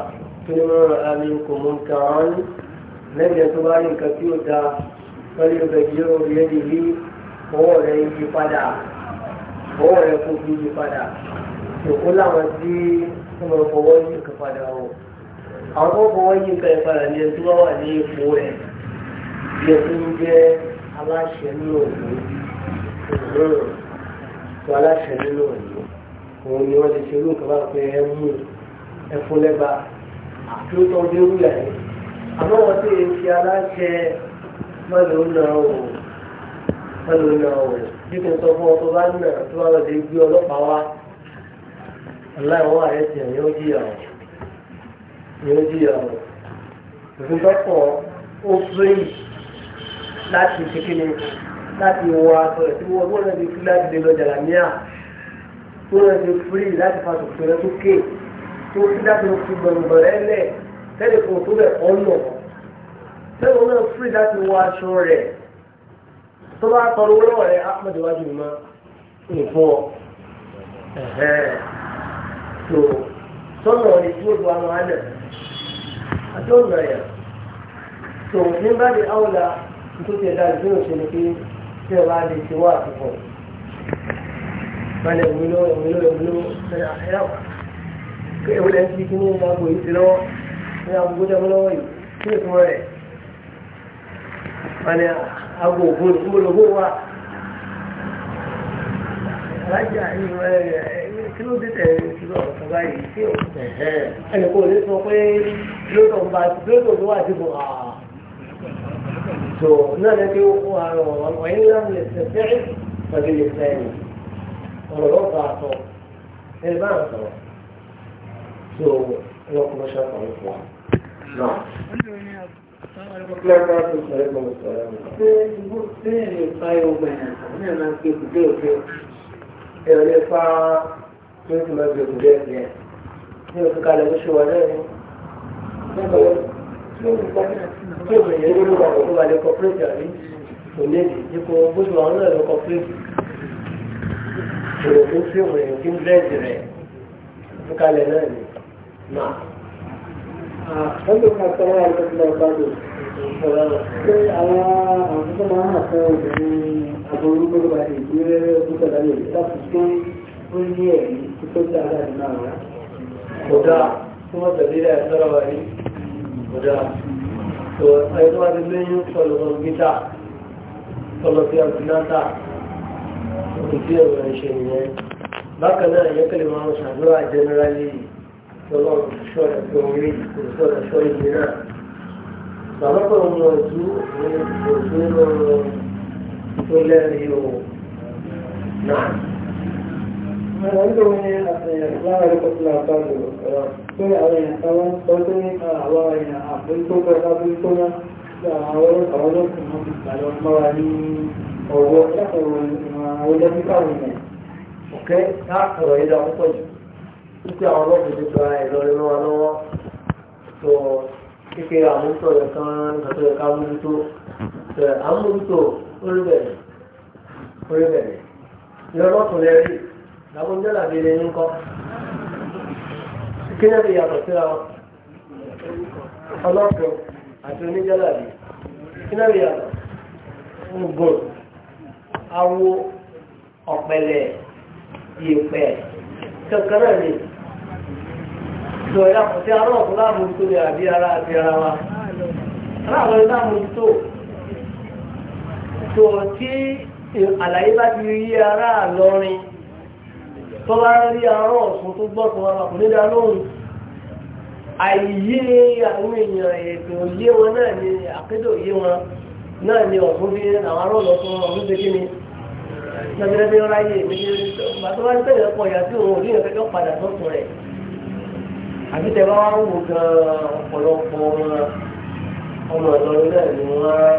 tó ní mọ́ra àmì kò mú kàn lẹ́bi ẹ̀ tó bá rí nǹkan tí ó da wọ́n lè bẹ̀ yí ẹni rí owó rẹ̀ yí padà owó rẹ̀ kó fi yí padà òkú láwọn tí tó máa fọwọ́ yí nǹkan padà o àwọn tó fọwọ́ yí nǹkan padà ní ẹtú wá wà ní ipò ẹ̀ ní ẹtú ń jẹ́ aláṣẹ nínú òní tó aláṣẹ nínú òní òun ni wọ́n ti ṣe irú nǹkan bá pé ẹ mú ẹ fún lẹ́gbà àti ó tọ́jú irú yà ní àmọ́ wọ́n ti fi aláṣẹ mọ́lẹ̀ ó nà aláìwọ́ àyẹ̀tì ni ó jìyà ọ̀ ni ó jìyà òfin tọ́pọ̀ ó fúrẹ́yì láti kékeré láti wọ aṣọ ẹ̀sìn wọ́n wọ́n náà fi láti lè lọ jàrà míà wọ́n náà ti fúrẹ́yì láti fa tòkòtò rẹ sókè tó fi láti lọ fi gbọ̀ngbọ̀n rẹ lẹ̀ tẹ́lẹ̀ kò tó bẹ̀ ọ́ nà tẹ́lẹ̀ wọ́n náà fúrẹ́yì láti wọ aṣọ rẹ̀ tó bá tọrọ wọ́n rẹ̀ á pọ̀ déwájú mi mọ́ tó sọ́nà ni tí ó lu àwọn àná àti ọ̀nà yà tó ní bá di àwòlà tó ti ẹ̀dá ìdúró ṣe ni pé tí ẹ bá di ti wá àtúkọ̀ balẹ̀ òmìnira òmìnira òmìnira ẹ̀yà ẹ̀wọ̀n ẹ̀ ń fi kí ní ìlàgbò yìí ti lọ́wọ́ ní àgbogbo jẹ́ lọ́wọ́ yìí kí ni fún rẹ̀ wọ́n ni àgbò ògbólógbò wa alájà ìwọ̀n kí ló dé tẹ̀ ìṣúná ọ̀sán báyìí tí ó ẹnì kò lè sọ pé lóòótọ́ ń bá lóòótọ́ tó wà dìbò à. tó náà lẹ́nu ó kó ara wọn wọ́n yín lámì lẹ́sẹ̀ fẹ́rẹ́ pẹ̀lú lè sẹ́yìn ọ̀rọ̀ lọ́wọ́ bá a sọ ẹni bá a sọ̀rọ̀ tó ọlọ́kùnrin ṣàkóso fún wa. Ṣé ìgbó ṣé ìlú ìpayọ̀ ọgbà ẹ̀yàn kan ní ẹ̀rọ ìgbé òkè? Ẹ̀rọ ìpa tí ó sì máa gbèsè bẹ́ẹ̀ bẹ́ẹ̀ ní oṣù kalẹ̀ oṣù wà náà ni tí òbí yẹn ló wà lọ́wọ́ wà lè kọ́pẹ́rẹ́tì àbí kò lè dì í kó bóṣù àwọn náà lọ kọ́pẹ́rẹ́tì òògùn tí òbí yẹn kí ń bẹ́ẹ̀dì rẹ̀ oṣù kalẹ̀ náà ni máa. Ẹgbẹ́ kan sọ́wọ́ àti ọ̀gá ìbádò pé àwọn àwọn tó máa ń hàn fún obìnrin àbúrú gbogbo àti ìgbéró tó tẹ̀lé láti pé ó ní ẹ̀rí tí tó dá láti máa rẹ̀ kò dáa tí wọ́n tẹ̀lé rẹ̀ sọ́rọ̀ wà rí kò dáa tó ẹni tó wá ti lóyún sọ̀rọ̀ lọ gítà sọ̀rọ̀ sí àbúnáta kò sí ẹ̀rọ ìṣe nìyẹn bákan náà ìyẹn kẹlẹ̀ máa ń ṣàdúrà jẹnẹrálì sọ̀rọ̀ ṣọ́ọ̀rẹ̀ tó ń rí kò sọ̀rọ̀ ṣọ́ ìdí náà أرجوين لا أرقص لا أقدر كل أولين طبعا قلتني أولين أبلتو كأبلتو أولين أولين كنهم يسألون مواني أو أولين كاوين أوكي أكثر إذا أخرج إنتي أولو بجيتوا إلولين وانو تو kíkẹ́ àwọn tó yẹ kán gbàtọ́ yẹ ká mójútó àwọn mójútó orí bẹ̀rẹ̀ orí bẹ̀rẹ̀ ìrọ̀lọ́tún lẹ́rìí làwọn jẹ́ làbí ilé ń kọ́ kí lẹ́bi yàtọ̀ síra wọn ọlọ́pẹ̀ àti oníjẹ́làbí kí lẹ́bi yàtọ̀ ǹgùn awo ọ̀pẹ̀lẹ̀ ìpẹ̀ kankan náà ni sọ ẹ̀yà kò sí ará ọ̀tún láàmútó ni àbí ara àti ara wa ará ọ̀tún láàmútó tó tí àlàyé bá ti rí ara lọ́rin tó bá rí arọ́ ọ̀sùn tó gbọ́tọ̀ ara kò ní dá lóhùn àìyé àwọn èèyàn ètò òye wọn náà ni àkédò òye wọn náà ni ọ̀sùn bí àwọn arọ́ ọ̀sùn ọ̀sùn ṣe kí ni lọ́gbẹ́rẹ́ bí ọ̀rá yé mi bàtọ́ wá ní tẹ̀lé ọkọ̀ ìyá tí òun ò ní ìrẹ́kẹ́kẹ́ padà sọ́tún rẹ̀ àbí tẹ bá wá wò gan ọ̀pọ̀lọpọ̀ ọmọ Ìlọrin náà ni wọ́n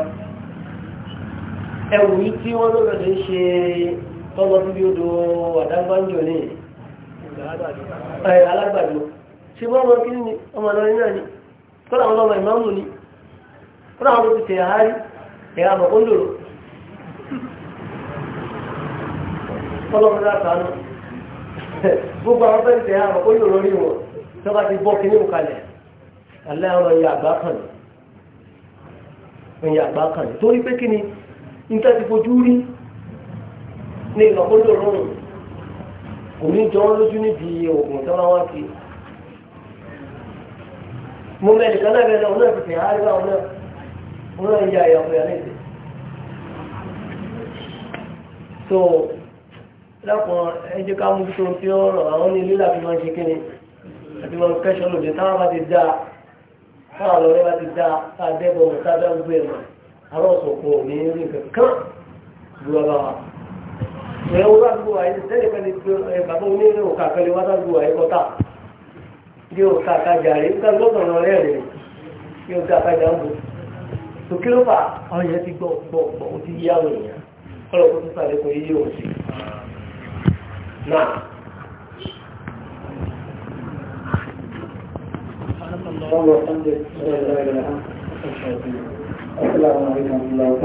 ẹ̀wù yìí tí wọ́n lọ́dọ̀ ṣe tọ́lọ síbi odò àdágbájọ ní alágbàdo ṣe bọ́ ọmọ kìíní ọmọ ọlọ́rin náà ni kọ́lá àwọn ọmọ ìmáàmù ni kọ́lá àwọn ti tẹ̀ àárí ẹ̀yà àbọ̀kọ́ndòrò kọ́lọ́mọ náà sànú gbogbo àwọn fẹ́ẹ̀ tẹ̀ àbọ̀kọ́ndòrò rí wọn tí wọ́n bá ti bọ́ kìíní kalẹ̀ alẹ́ àwọn ìyá àgbà kan ni ìyá àgbà ni torí pé kí ni níta ti fojú rí ní ìlọ́kọ́lù rọrùn kò ní jọ wọ́n lójú níbi oògùn tí wọ́n wá sí i. mo mẹ́rin kan náà bẹ̀rẹ̀ ọ̀nà ìfẹ́ àárẹ̀ àwọn náà wọ́n náà ń ya ìyàwó ìyá lẹ́sẹ̀. so lápọn ẹjẹ ká mójútó tí ó rọ àwọn ní ilé láti máa ń ṣe kíni àti máa ń kẹ́sọ̀ lòdì táwọn bá ti dáa táwọn lọ́rẹ́ bá ti dáa táwọn dẹ́gbọ̀n táwọn dá gbogbo ẹ̀ mọ̀ àwọn ọ̀sọ̀kọ̀ ò ní rí nǹkan kan lọ́wọ́ wa ẹ̀ wọ́n ládùúgbò wa yìí sẹ́yìn kan ní bàbá onírè òkà kan lè wá ládùúgbò wa yìí kọ́tà bí òkà àkájà rẹ̀ ń gbàgbọ́ ọ̀nà rẹ̀ rẹ̀ bí òkà àkájà ń bò tó kí ló fà àwọn yẹn ti gbọ́ gbọ́ gbọ́ ó ti yí àwọn èèyàn kọ́lọ̀ kó tó sàlékún yíyí òun sí